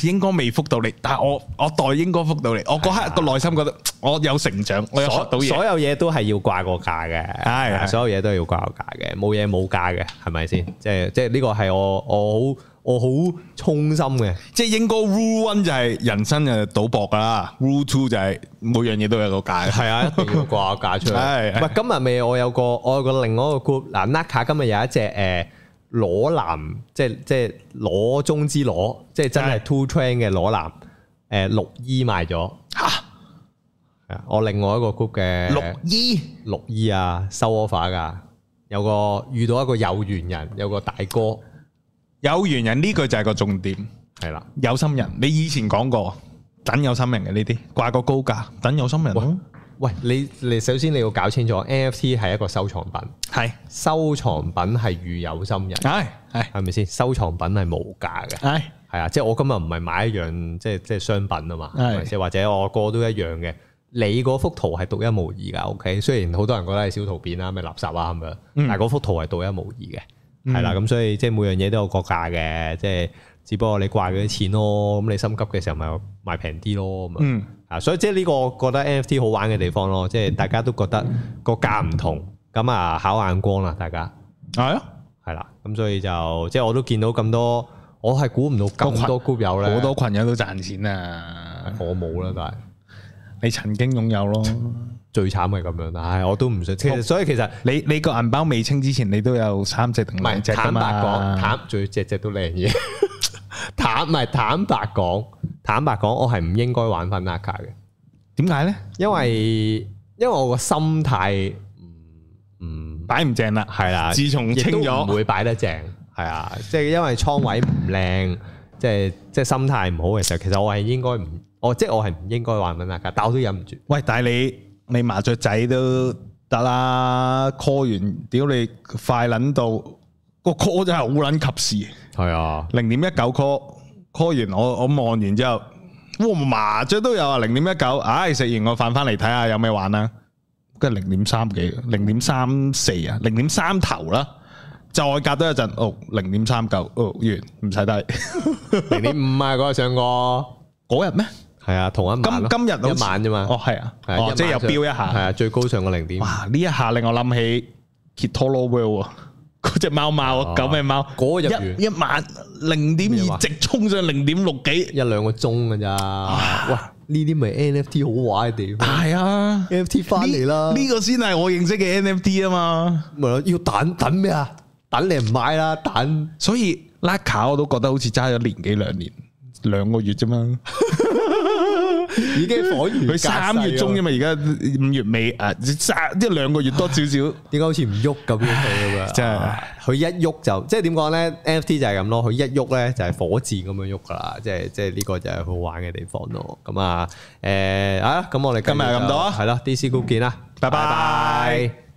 應該未覆到你，但係我我代應該覆到你。我嗰刻個內心覺得我有成長，啊、我有學到嘢。所有嘢都係要掛個價嘅，係是所有嘢都係要掛個價嘅，冇嘢冇價嘅，係咪先？即係即係呢個係我我好我好衷心嘅。即係應該 Rule one 就係人生嘅賭博噶啦 Rule two 就係每樣嘢都有一個價，係啊， 一定要掛個價出嚟。唔是今日未？我有個我有個另外一個 group 嗱、啊、，Naka 今日有一隻誒。呃裸男，即係即係裸中之裸，的即係真係 two train 嘅裸男。誒、呃、綠衣賣咗吓，啊、我另外一個 group 嘅六衣六衣啊收 offer 噶有個遇到一個有緣人，有個大哥有緣人，呢句就係個重點係啦，的有心人，你以前講過等有心人嘅，呢啲掛個高價等有心人。喂，你你首先你要搞清楚 NFT 係一個收藏品，係是收藏品係遇有心人，係係係咪先？收藏品係無價嘅，係係啊，即係我今日唔係買一樣，即係即係商品啊嘛，是或者我個都一樣嘅。你嗰幅圖係獨一無二嘅，OK。Okay？雖然好多人覺得係小圖片啊，咩垃圾啊咁樣，但係嗰幅圖係獨一無二嘅，係啦、嗯。咁所以即係每樣嘢都有個價嘅，即係只不過你掛嗰啲錢咯。咁你心急嘅時候咪賣平啲咯，咁啊、嗯。啊，所以即係呢個我覺得 NFT 好玩嘅地方咯，即、就、係、是、大家都覺得個價唔同，咁啊，考眼光啦，大家係啊，係啦，咁所以就即係、就是、我都見到咁多，我係估唔到咁多 group 友咧，好多群友都賺錢啊，我冇啦，但係、嗯、你曾經擁有咯， 最慘咪咁樣，但、哎、係我都唔想。好其實所以其實你你個銀包未清之前，你都有三隻定唔係只白嘛？坦最隻只都靚嘢，坦唔係坦白講。 坦白講，我係唔應該玩翻 Naka 嘅。點解咧？因為因為我個心態唔擺唔正啦，係啦。自從清咗唔會擺得正，係啊。即係因為倉位唔靚，即係即係心態唔好嘅時候，其實我係應該唔，我即係我係唔應該玩翻 Naka，但我都忍唔住。喂，但係你你麻雀仔都得啦，call 完屌你快撚到，個 call 真係好撚及時，係啊，零點一九 call。call 完我我望完之後，哇麻雀都有啊零點一九，唉食完個飯翻嚟睇下有咩玩啊，跟零點三幾，零點三四啊，零點三頭啦，再隔多一陣哦零點三九哦完唔使低零點五啊嗰日上過嗰日咩？係啊同一晚咯，今今日都一晚啫嘛。哦係啊，哦即係又飆一下係啊最高上個零點。哇呢一下令我諗起 Ketorolol。嗰隻貓貓，狗咩貓？嗰、啊、一一萬零點二，2 直衝上零點六幾，一兩個鐘嘅咋？啊、哇！呢啲咪 NFT 好玩嘅地方？係啊，NFT 翻嚟啦！呢、這個先係我認識嘅 NFT 啊嘛。咪咯，要等等咩啊？等你唔買啦，等。所以 Laka 我都覺得好似揸咗年幾兩年，兩個月啫嘛。 已經火完，佢三月中啫嘛，而家五月尾啊，三即係兩個月多少少，點解好似唔喐咁樣佢啊？即係佢一喐就即係點講咧？NFT 就係咁咯，佢一喐咧就係火箭咁樣喐噶啦，即係即係呢個就係好玩嘅地方咯。咁啊，誒，啊，咁我哋今日咁多啊，係咯，D C 股見啦，拜拜。